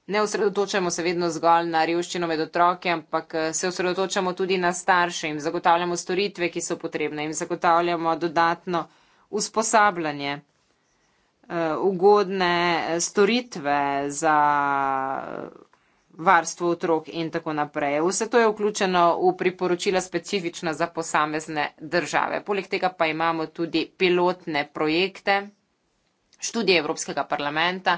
Speaker 9: ne osredotočamo se vedno zgolj na revščino med otroki, ampak eh, se osredotočamo tudi na starše in zagotavljamo storitve, ki so potrebne in zagotavljamo dodatno usposabljanje. Eh, ugodne eh, storitve za varstvo otrok in tako naprej. Vse to je vključeno v priporočila specifična za posamezne države. Poleg tega pa imamo tudi pilotne projekte, študije Evropskega parlamenta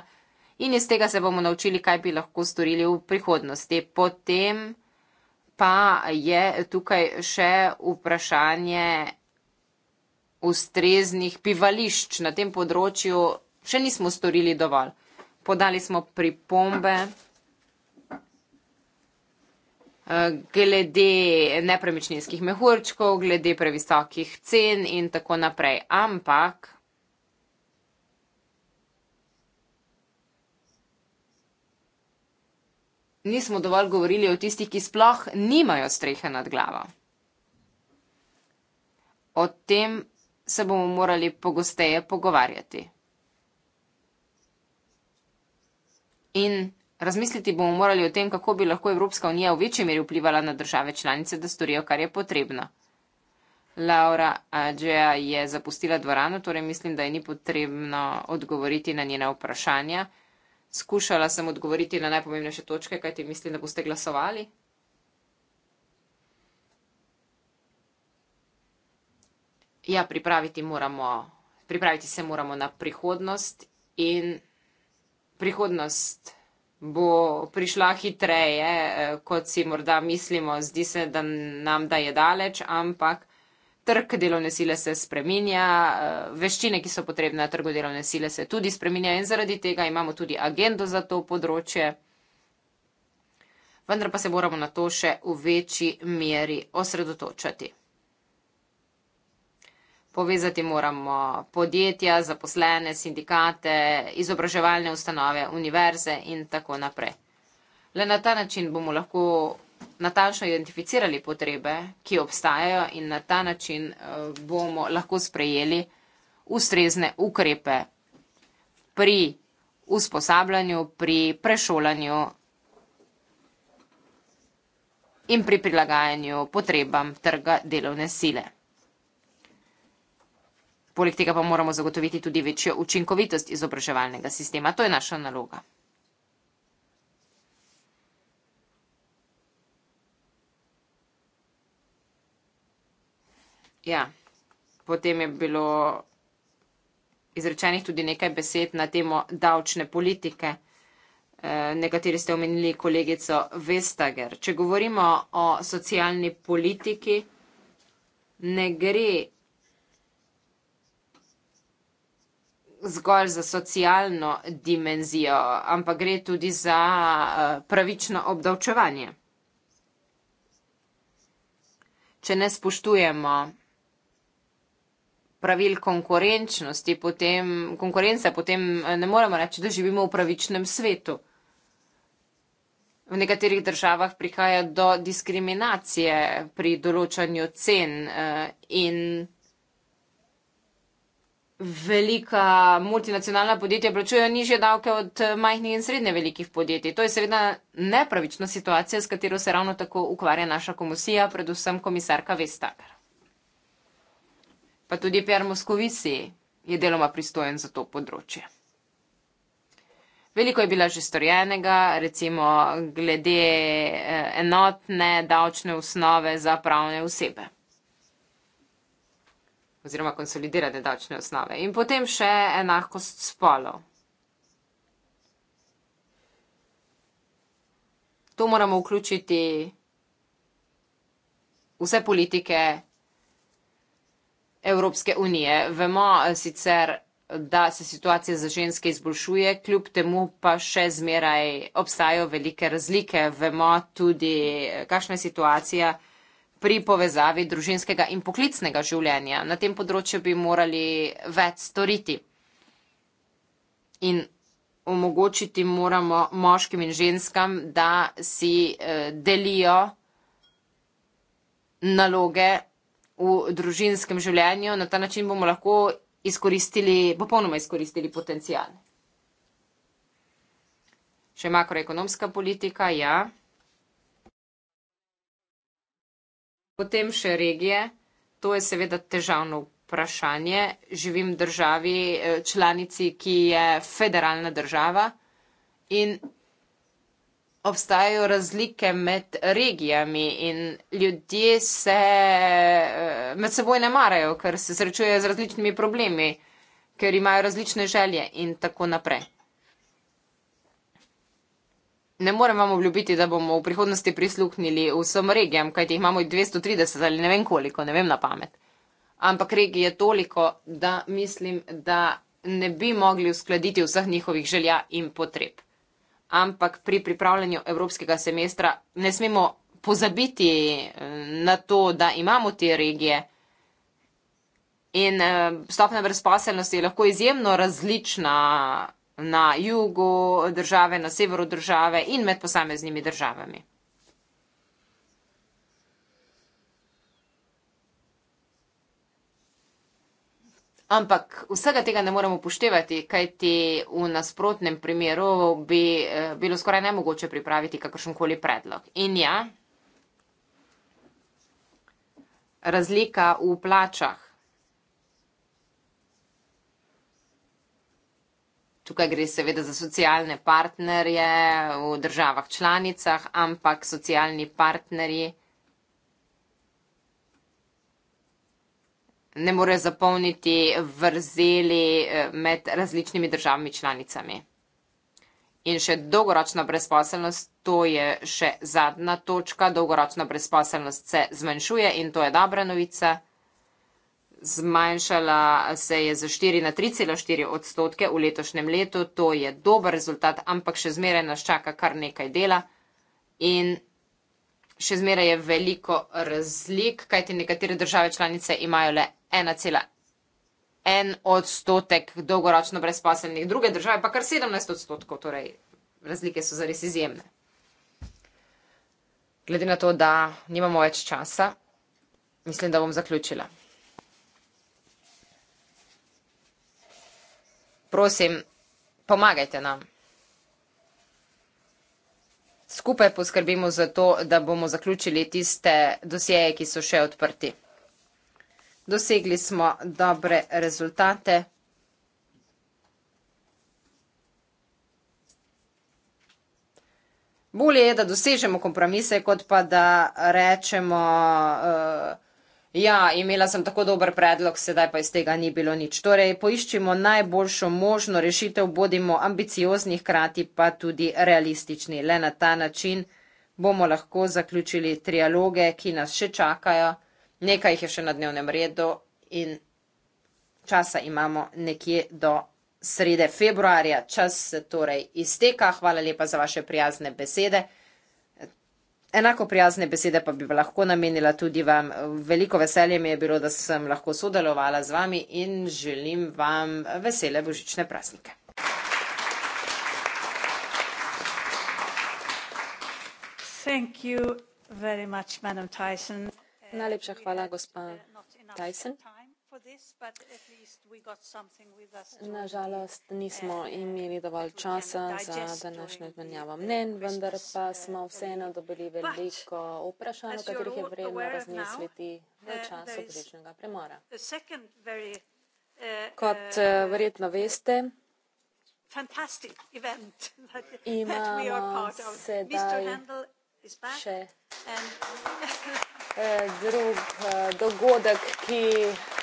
Speaker 9: in iz tega se bomo naučili, kaj bi lahko storili v prihodnosti. Potem pa je tukaj še vprašanje ustreznih bivališč na tem področju še nismo storili dovolj. Podali smo pripombe eh, glede nepremičninskih mehurčkov, glede previsokih cen in tako naprej. Ampak nismo dovolj govorili o tistih, ki sploh nimajo strehe nad glavo. O tem se bomo morali pogosteje pogovarjati. In razmisliti bomo morali o tem, kako bi lahko Evropska unija v večji meri vplivala na države članice, da storijo, kar je potrebno. Laura Adžeja je zapustila dvorano, torej mislim, da ji ni potrebno odgovoriti na njene vprašanja. Skušala sem odgovoriti na najpomembnejše točke, kajti mislim, da boste glasovali. ja, pripraviti, moramo, pripraviti se moramo na prihodnost in prihodnost bo prišla hitreje, eh, kot si morda mislimo. Zdi se, da nam da je daleč, ampak trg delovne sile se spreminja, eh, veščine, ki so potrebne na trgu delovne sile, se tudi spreminja in zaradi tega imamo tudi agendo za to področje. Vendar pa se moramo na to še v večji meri osredotočati. Povezati moramo podjetja, zaposlene, sindikate, izobraževalne ustanove, univerze in tako naprej. Le na ta način bomo lahko natančno identificirali potrebe, ki obstajajo in na ta način eh, bomo lahko sprejeli ustrezne ukrepe pri usposabljanju, pri prešolanju in pri prilagajanju potrebam trga delovne sile. Poleg tega pa moramo zagotoviti tudi večjo učinkovitost izobraževalnega sistema. To je naša naloga. Ja, potem je bilo izrečenih tudi nekaj besed na temo davčne politike. Eh, nekateri ste omenili kolegico Vestager. Če govorimo o socialni politiki, ne gre zgolj za socialno dimenzijo, ampak gre tudi za eh, pravično obdavčevanje. Če ne spoštujemo pravil konkurenčnosti, potem, konkurenca, potem eh, ne moremo reči, da živimo v pravičnem svetu. V nekaterih državah prihaja do diskriminacije pri določanju cen eh, in velika multinacionalna podjetja plačujejo nižje davke od eh, majhnih in srednje velikih podjetij. To je seveda nepravična situacija, s katero se ravno tako ukvarja naša komisija, predvsem komisarka Vestager. Pa tudi PR Moskovici je deloma pristojen za to področje. Veliko je bila že storjenega, recimo glede eh, enotne davčne osnove za pravne osebe oziroma konsolidirane davčne osnove. In potem še enakost spolov. To moramo vključiti vse politike Evropske unije. Vemo eh, sicer, da se situacija za ženske izboljšuje, kljub temu pa še zmeraj obstajajo velike razlike. Vemo tudi, eh, kakšna je situacija pri povezavi družinskega in poklicnega življenja. Na tem področju bi morali več storiti. In omogočiti moramo moškim in ženskam, da si eh, delijo naloge v družinskem življenju. Na ta način bomo lahko izkoristili, popolnoma izkoristili potencijal. Še makroekonomska politika, ja. Potem še regije. To je seveda težavno vprašanje. Živim v državi, eh, članici, ki je federalna država in obstajajo razlike med regijami in ljudje se eh, med seboj ne marajo, ker se srečujejo z različnimi problemi, ker imajo različne želje in tako naprej ne morem vam obljubiti, da bomo v prihodnosti prisluhnili vsem regijam, kajti jih imamo 230 ali ne vem koliko, ne vem na pamet. Ampak regije je toliko, da mislim, da ne bi mogli uskladiti vseh njihovih želja in potreb. Ampak pri pripravljanju evropskega semestra ne smemo pozabiti eh, na to, da imamo te regije. In eh, stopna brezposelnosti je lahko izjemno različna na jugu države, na severu države in med posameznimi državami. Ampak vsega tega ne moremo upoštevati, kajti v nasprotnem primeru bi eh, bilo skoraj nemogoče pripraviti kakršenkoli predlog. In ja, razlika v plačah tukaj gre seveda za socialne partnerje v državah članicah, ampak socialni partnerji ne morejo zapolniti vrzeli eh, med različnimi državami članicami. In še dolgoročna brezposelnost, to je še zadnja točka, dolgoročna brezposelnost se zmanjšuje in to je dobra novica zmanjšala se je za 4 na 3,4 odstotke v letošnjem letu. To je dober rezultat, ampak še zmeraj nas čaka kar nekaj dela in še zmeraj je veliko razlik, kajti nekatere države članice imajo le 1,1 odstotek dolgoročno brezposelnih, druge države pa kar 17 odstotkov, torej razlike so zares izjemne. Glede na to, da nimamo več časa, mislim, da bom zaključila. prosim, pomagajte nam. Skupaj poskrbimo za to, da bomo zaključili tiste dosjeje, ki so še odprti. Dosegli smo dobre rezultate. Bolje je, da dosežemo kompromise, kot pa da rečemo. Uh, Ja, imela sem tako dober predlog, sedaj pa iz tega ni bilo nič. Torej, poiščimo najboljšo možno rešitev, bodimo ambiciozni, hkrati pa tudi realistični. Le na ta način bomo lahko zaključili trialoge, ki nas še čakajo. Nekaj jih je še na dnevnem redu in časa imamo nekje do srede februarja. Čas se torej izteka. Hvala lepa za vaše prijazne besede. Enako prijazne besede pa bi lahko namenila tudi vam. Veliko veselje mi je bilo, da sem lahko sodelovala z vami in želim vam vesele božične praznike.
Speaker 1: Najlepša hvala, gospa Tyson. Nažalost, nismo uh, imeli dovolj časa za današnjo izmenjavo uh, mnen, vendar pa uh, smo vseeno dobili veliko vprašanj, o katerih je vredno razmisliti v času prejšnjega premora. Kot verjetno veste,
Speaker 2: imamo sedaj še en
Speaker 1: eh, drug eh, dogodek, ki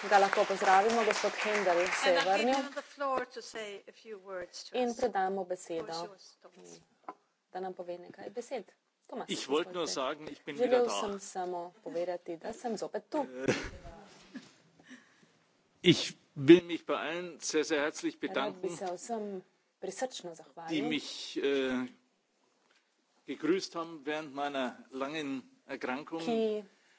Speaker 1: ga lahko pozdravimo. Gospod Hendel se je vrnil in predamo besedo, mm. da nam pove nekaj besed. Tomas, želel sem samo povedati, da sem zopet tu.
Speaker 4: Äh, will mich bei allen sehr, sehr herzlich bedanken, die mich äh,
Speaker 6: gegrüßt haben während meiner langen Erkrankung.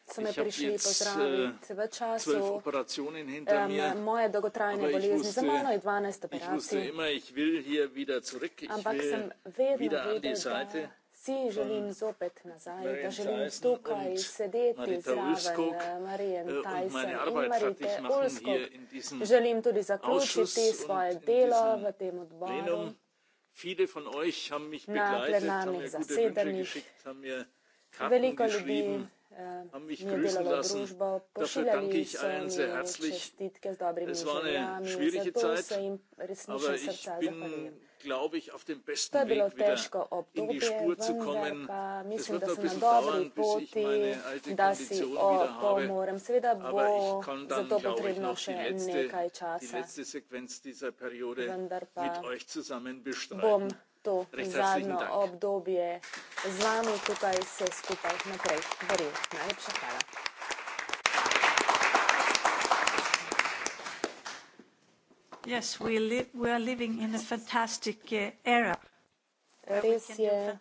Speaker 1: Ki so me prišli pozdraviti v äh, času
Speaker 6: um,
Speaker 1: moje dolgotrajne bolezni. Za mano je 12 operacij.
Speaker 6: Immer, ich will hier wieder zurück. Ich Ampak will sem vedno wieder vedel, an die
Speaker 1: Seite da si želim zopet nazaj, Marien da želim Taisen tukaj sedeti zraven äh, äh, Marijen Tajsen in Marite Ulskog. Želim tudi zaključiti svoje delo v tem odboru. Plenum.
Speaker 4: Viele von euch haben mich na plenarnih zasedanjih. Veliko ljudi eh, äh, mi
Speaker 6: je delalo družbo, pošiljali so mi
Speaker 1: čestitke z dobrimi željami, zato se jim resnično srca zahvaljujem
Speaker 6: glaube ich, auf dem besten Weg wieder obdobie, in die Spur zu kommen.
Speaker 1: Es wird noch ein bisschen dauern, poti, bis ich meine alte Kondition si wieder habe. Aber ich kann dann, glaube ich, noch die letzte, časa, die letzte
Speaker 6: Sequenz dieser Periode mit euch zusammen bestreiten.
Speaker 1: To zadnje obdobje z vami tukaj se skupaj naprej boril. Najlepša hvala.
Speaker 2: Yes, we are living in a fantastic uh, era.
Speaker 1: Res je,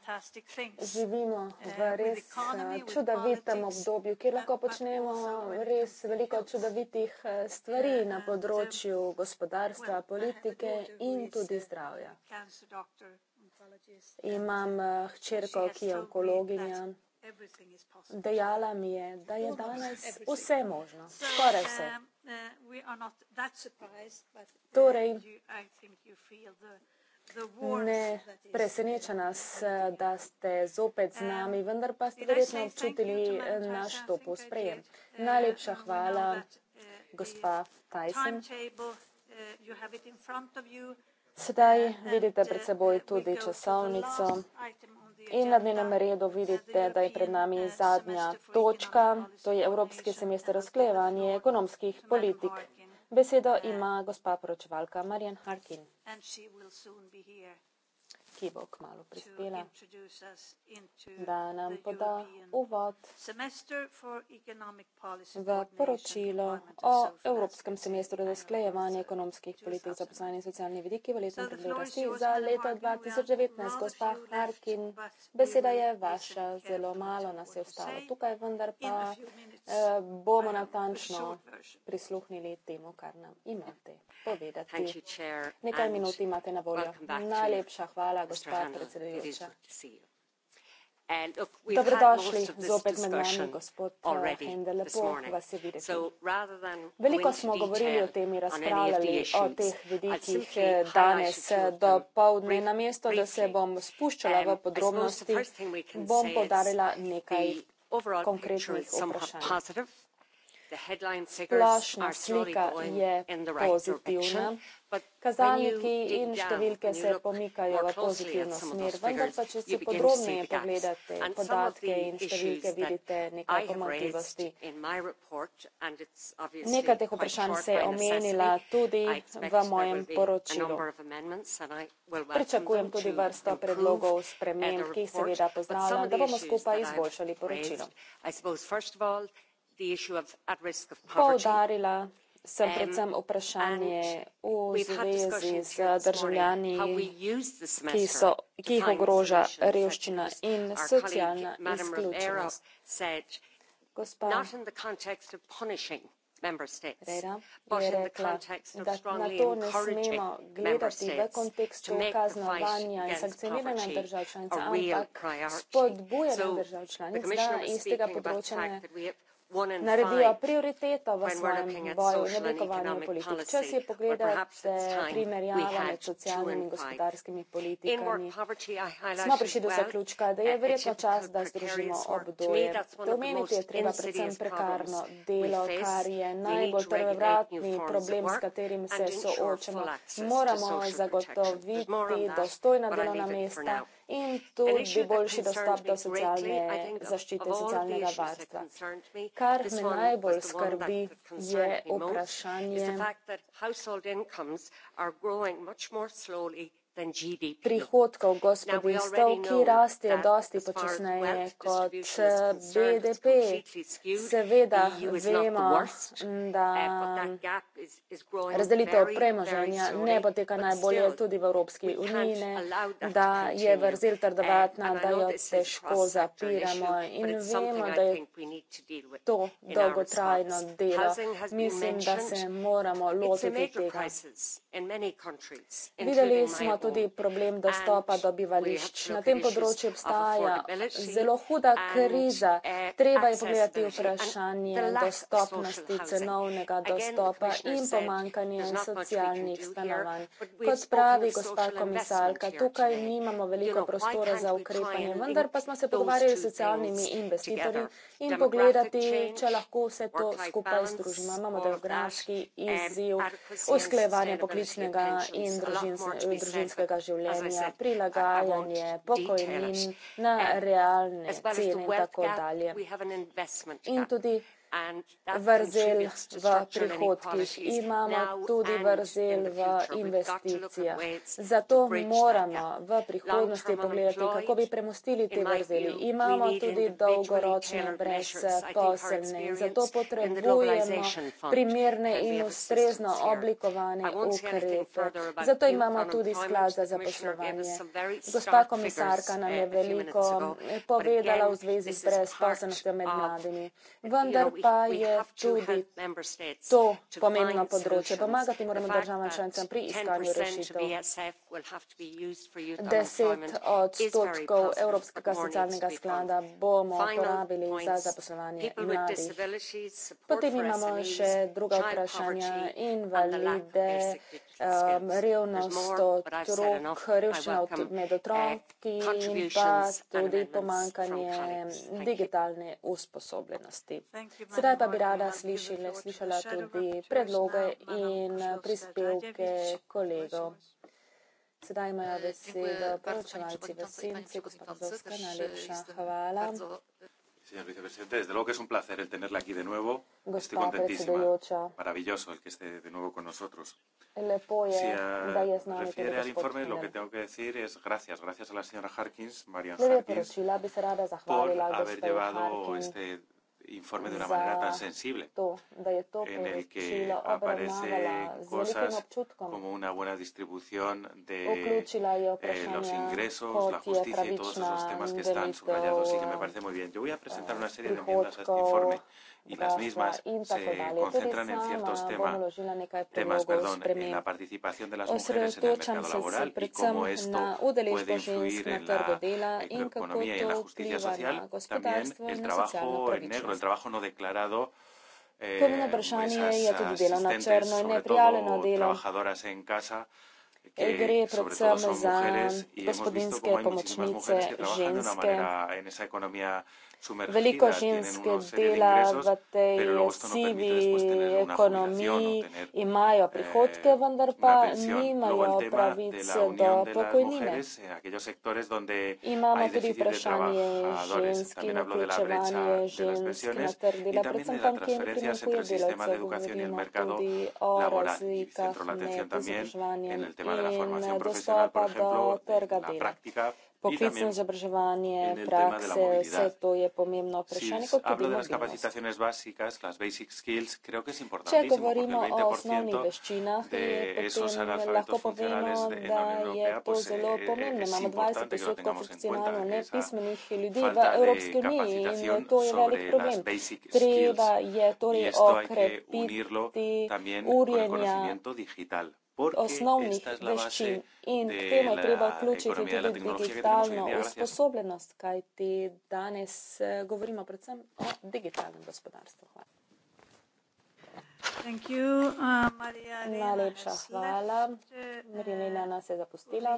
Speaker 1: živimo v uh, res uh, čudovitem obdobju, kjer lahko počnemo res veliko čudovitih stvari na področju gospodarstva, politike in tudi zdravja.
Speaker 2: Imam hčerko, ki je onkologinja.
Speaker 1: Dejala mi je, da je danes vse možno, skoraj vse. Um,
Speaker 2: Uh, uh, torej, ne preseneča
Speaker 1: nas, uh, da ste zopet z nami, vendar pa ste verjetno občutili naš topo sprejem. Najlepša hvala, gospa Tyson. Sedaj vidite pred seboj tudi časovnico. In na dnevnem redu vidite, da je pred nami zadnja točka, to je Evropski semester razklevanje ekonomskih politik. Besedo ima gospa poročevalka Marjan Harkin.
Speaker 2: And she will soon be here
Speaker 1: ki bo k malu prispela,
Speaker 2: da nam poda uvod
Speaker 1: v poročilo o Evropskem semestru za sklejevanje ekonomskih politik za poslanje in socialni vidiki v letu 2019. Gospa Harkin, beseda je vaša, zelo malo nas je ostalo tukaj, vendar pa bomo natančno prisluhnili temu, kar nam imate povedati. Nekaj minut imate na voljo. Najlepša hvala, gospod predsedujoča.
Speaker 6: Dobrodošli zopet med nami, gospod Hendel, lepo vas je videti. Veliko smo govorili o temi, razpravljali o teh
Speaker 1: vidikih eh, danes eh, do povdne. Na mesto, da se bom spuščala v um, podrobnosti,
Speaker 6: bom podarila nekaj konkretnih vprašanj. Splošna slika je pozitivna,
Speaker 1: kazalniki in številke se pomikajo v pozitivno smer, vendar pa če si podrobneje pogledate podatke in številke, vidite nekaj pomankljivosti.
Speaker 6: Nekaj teh vprašanj se je omenila
Speaker 1: tudi v mojem poročilu.
Speaker 6: Pričakujem tudi vrsto predlogov sprememb, ki seveda poznavam, da bomo skupaj izboljšali poročilo. Poudarila
Speaker 1: sem um, predvsem vprašanje v zvezi z državljani, ki, so, ki jih ogroža revščina in
Speaker 7: socialna izključenost.
Speaker 6: Gospa Reda je rekla, da na to ne smemo gledati v kontekstu kaznovanja in sankcioniranja držav članic,
Speaker 3: ampak
Speaker 1: spodbujanja držav članic, da iz tega področja naredijo prioriteto v svojem boju in oblikovanju politik. Če si pogledate primerjave med socialnimi in gospodarskimi politikami,
Speaker 6: smo prišli do zaključka,
Speaker 1: da je verjetno čas, da združimo obdobje. Domeniti je treba predvsem prekarno delo, kar je najbolj prevratni problem, s katerim se soočamo. Moramo zagotoviti dostojna delovna mesta in tudi boljši dostop do socialne zaščite, socialnega varstva. Kar me najbolj skrbi, je vprašanje prihodkov gospodinstv, ki rastejo dosti počasneje kot BDP. Seveda e vemo, mm, da eh, razdelitev premoženja ne poteka najbolje tudi v Evropski uniji,
Speaker 6: da je vrzel
Speaker 1: trdovatna, eh, da jo težko zapiramo in vemo, da je to dolgotrajno delo. Mislim, da se moramo lotiti tega.
Speaker 6: Videli smo tudi tudi
Speaker 1: problem dostopa do bivališč. Na tem področju obstaja zelo huda kriza. Uh, Treba je pogledati vprašanje dostopnosti cenovnega dostopa in pomankanje socialnih stanovanj. Kot pravi gospa komisarka, tukaj nimamo veliko prostora za ukrepanje, vendar pa smo se pogovarjali s socialnimi investitorji in pogledati, če lahko vse to skupaj združimo. Imamo demografski um, izziv, usklejevanje poklicnega in družinskega družinskega življenja, prilagajanje pokojnin na realne cene in tako dalje. In tudi vrzel v prihodkih, imamo tudi vrzel v investicijah. Zato moramo v prihodnosti pogledati, kako bi premustili te vrzeli. Imamo tudi dolgoročne brezposelne in zato potrebujemo primerne in ustrezno oblikovane ukrepe. Zato imamo tudi sklad za zaposlovanje. Gospa komisarka nam je eh, veliko povedala v zvezi s brezposelnostjo med mladimi. Vendar pa je tudi to pomembno področje. Pomagati moramo državam
Speaker 6: članicam
Speaker 7: pri iskanju rešitev. Deset odstotkov Evropskega socialnega sklada
Speaker 1: bomo uporabili za zaposlovanje mladih.
Speaker 6: Potem imamo še druga
Speaker 1: vprašanja. Invalide, um, revnost otrok, revščina med eh, otroki in pa tudi pomankanje digitalne usposobljenosti. Sedaj pa bi rada slišila, slišala tudi predloge in prispevke kolegov. Sedaj imajo besedo poročevalci v Senci, gospod Zoska, najlepša hvala.
Speaker 4: Señor vicepresidente, desde luego que es un placer el tenerla aquí de nuevo. Gospa Estoy contentísima. Maravilloso el que esté de nuevo con nosotros.
Speaker 1: Poje, si a, refiere al informe, Kine. lo que
Speaker 4: tengo que decir es gracias, gracias a la señora Harkins, Marian Harkins,
Speaker 1: por haber llevado Harkin.
Speaker 4: este informe de una manera tan sensible,
Speaker 1: en el que aparece cosas
Speaker 4: como una buena distribución de
Speaker 1: eh, los ingresos, la justicia y todos esos temas que están subrayados y que me
Speaker 4: parece muy bien. Yo voy a presentar una serie de enmiendas eh, a este informe y las mismas se concentran en ciertos temas,
Speaker 1: temas perdón, en la
Speaker 4: participación de las mujeres en el mercado laboral y cómo esto puede influir en
Speaker 1: la economía y en la justicia social. También el trabajo en negro,
Speaker 4: el trabajo no declarado. Eh, esas sobre todo trabajadoras en casa que sobre todo son mujeres y hemos visto cómo hay muchísimas mujeres que trabajan de una manera en esa economía Veliko žensk dela v tej no sivi ekonomiji,
Speaker 1: imajo eh, prihodke, vendar pa nimajo pravic do pokojnine.
Speaker 4: Imamo tudi vprašanje žensk in vključevanje žensk na trg dela, predvsem tam, kjer primanjkuje delavcev. Govorimo tudi o razlikah med izobraževanjem in dostopa do trga dela poklicno
Speaker 1: izobraževanje, prakse, vse to je pomembno vprašanje, si, kot tudi mobilnost.
Speaker 4: Básicas, basic skills, creo que es Če govorimo o osnovnih veščinah, potem lahko povemo, da je to pues, zelo eh, pomembno. Imamo 20 odstotkov
Speaker 1: funkcionalno nepismenih ljudi v Evropski uniji in to je velik problem. Treba je torej okrepiti
Speaker 4: urjenja osnovnih veščin in k temu je treba vključiti tudi digitalno
Speaker 1: usposobljenost, kaj ti danes eh, govorimo predvsem o digitalnem gospodarstvu. Hvala. You, uh, Najlepša hvala. Uh, Marijana nas je zapustila.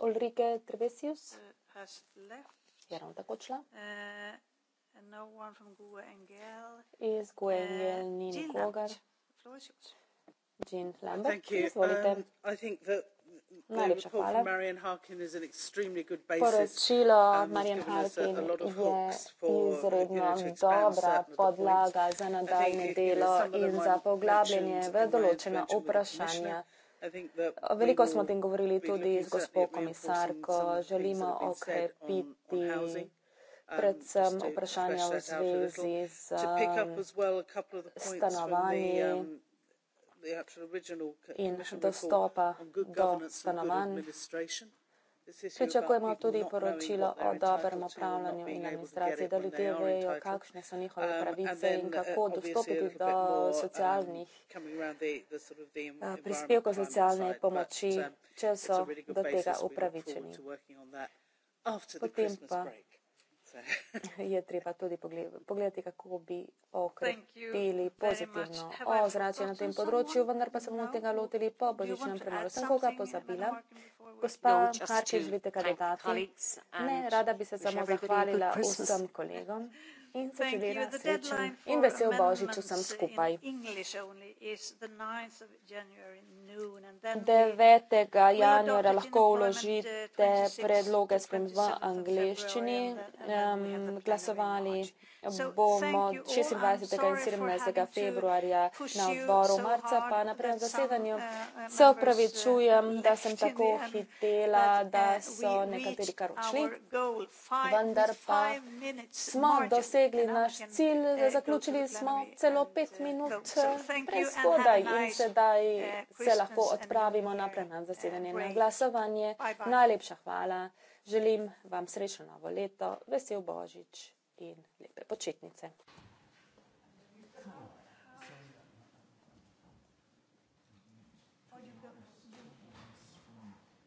Speaker 1: Ulrike Trebesius uh, je ravno tako šla.
Speaker 2: Uh, no iz Guengel ni nikogar. Uh,
Speaker 1: Jean Lambert. Thank you. Izvolite. Um,
Speaker 2: I think that Najlepša hvala. Poročilo Marian Harkin je izredno
Speaker 1: dobra podlaga za nadaljne delo in za poglabljanje v določena vprašanja. Veliko smo o tem govorili tudi z gospod komisarko. Želimo um, okrepiti predvsem vprašanja v zvezi z
Speaker 2: stanovanji. Um,
Speaker 1: in dostopa do stanovanj.
Speaker 2: Pričakujemo tudi poročilo o dobrem upravljanju in administraciji, da ljudje vejo, kakšne so
Speaker 1: njihove um, pravice in uh, kako dostopiti do um, socialnih
Speaker 2: uh, prispevkov socialne pomoči, um, če so do tega upravičeni. Potem pa
Speaker 1: srce. je treba tudi pogledati, kako bi okrepili pozitivno ozračje na tem področju, vendar pa se bomo no. tega lotili po božičnem premoru. Sem koga pozabila? Gospa no, Harči, želite kaj dodati? Ne, rada bi se samo zahvalila vsem kolegom in se želela srečen in vesel božič vsem skupaj.
Speaker 2: In 9.
Speaker 1: januarja lahko vložite predloge sprememb v angleščini. Um, glasovali bomo 26. in 17. februarja na odboru, marca pa na prvem zasedanju. Uh, se opravičujem, uh, da sem tako hitela, da uh, so nekateri kar odšli, vendar pa smo dosegli naš cilj, zaključili smo celo pet minut prezgodaj in sedaj se lahko odpravimo naprej na zasedanje na glasovanje. Najlepša hvala. Želim vam srečno novo leto, vesel Božič in lepe počitnice.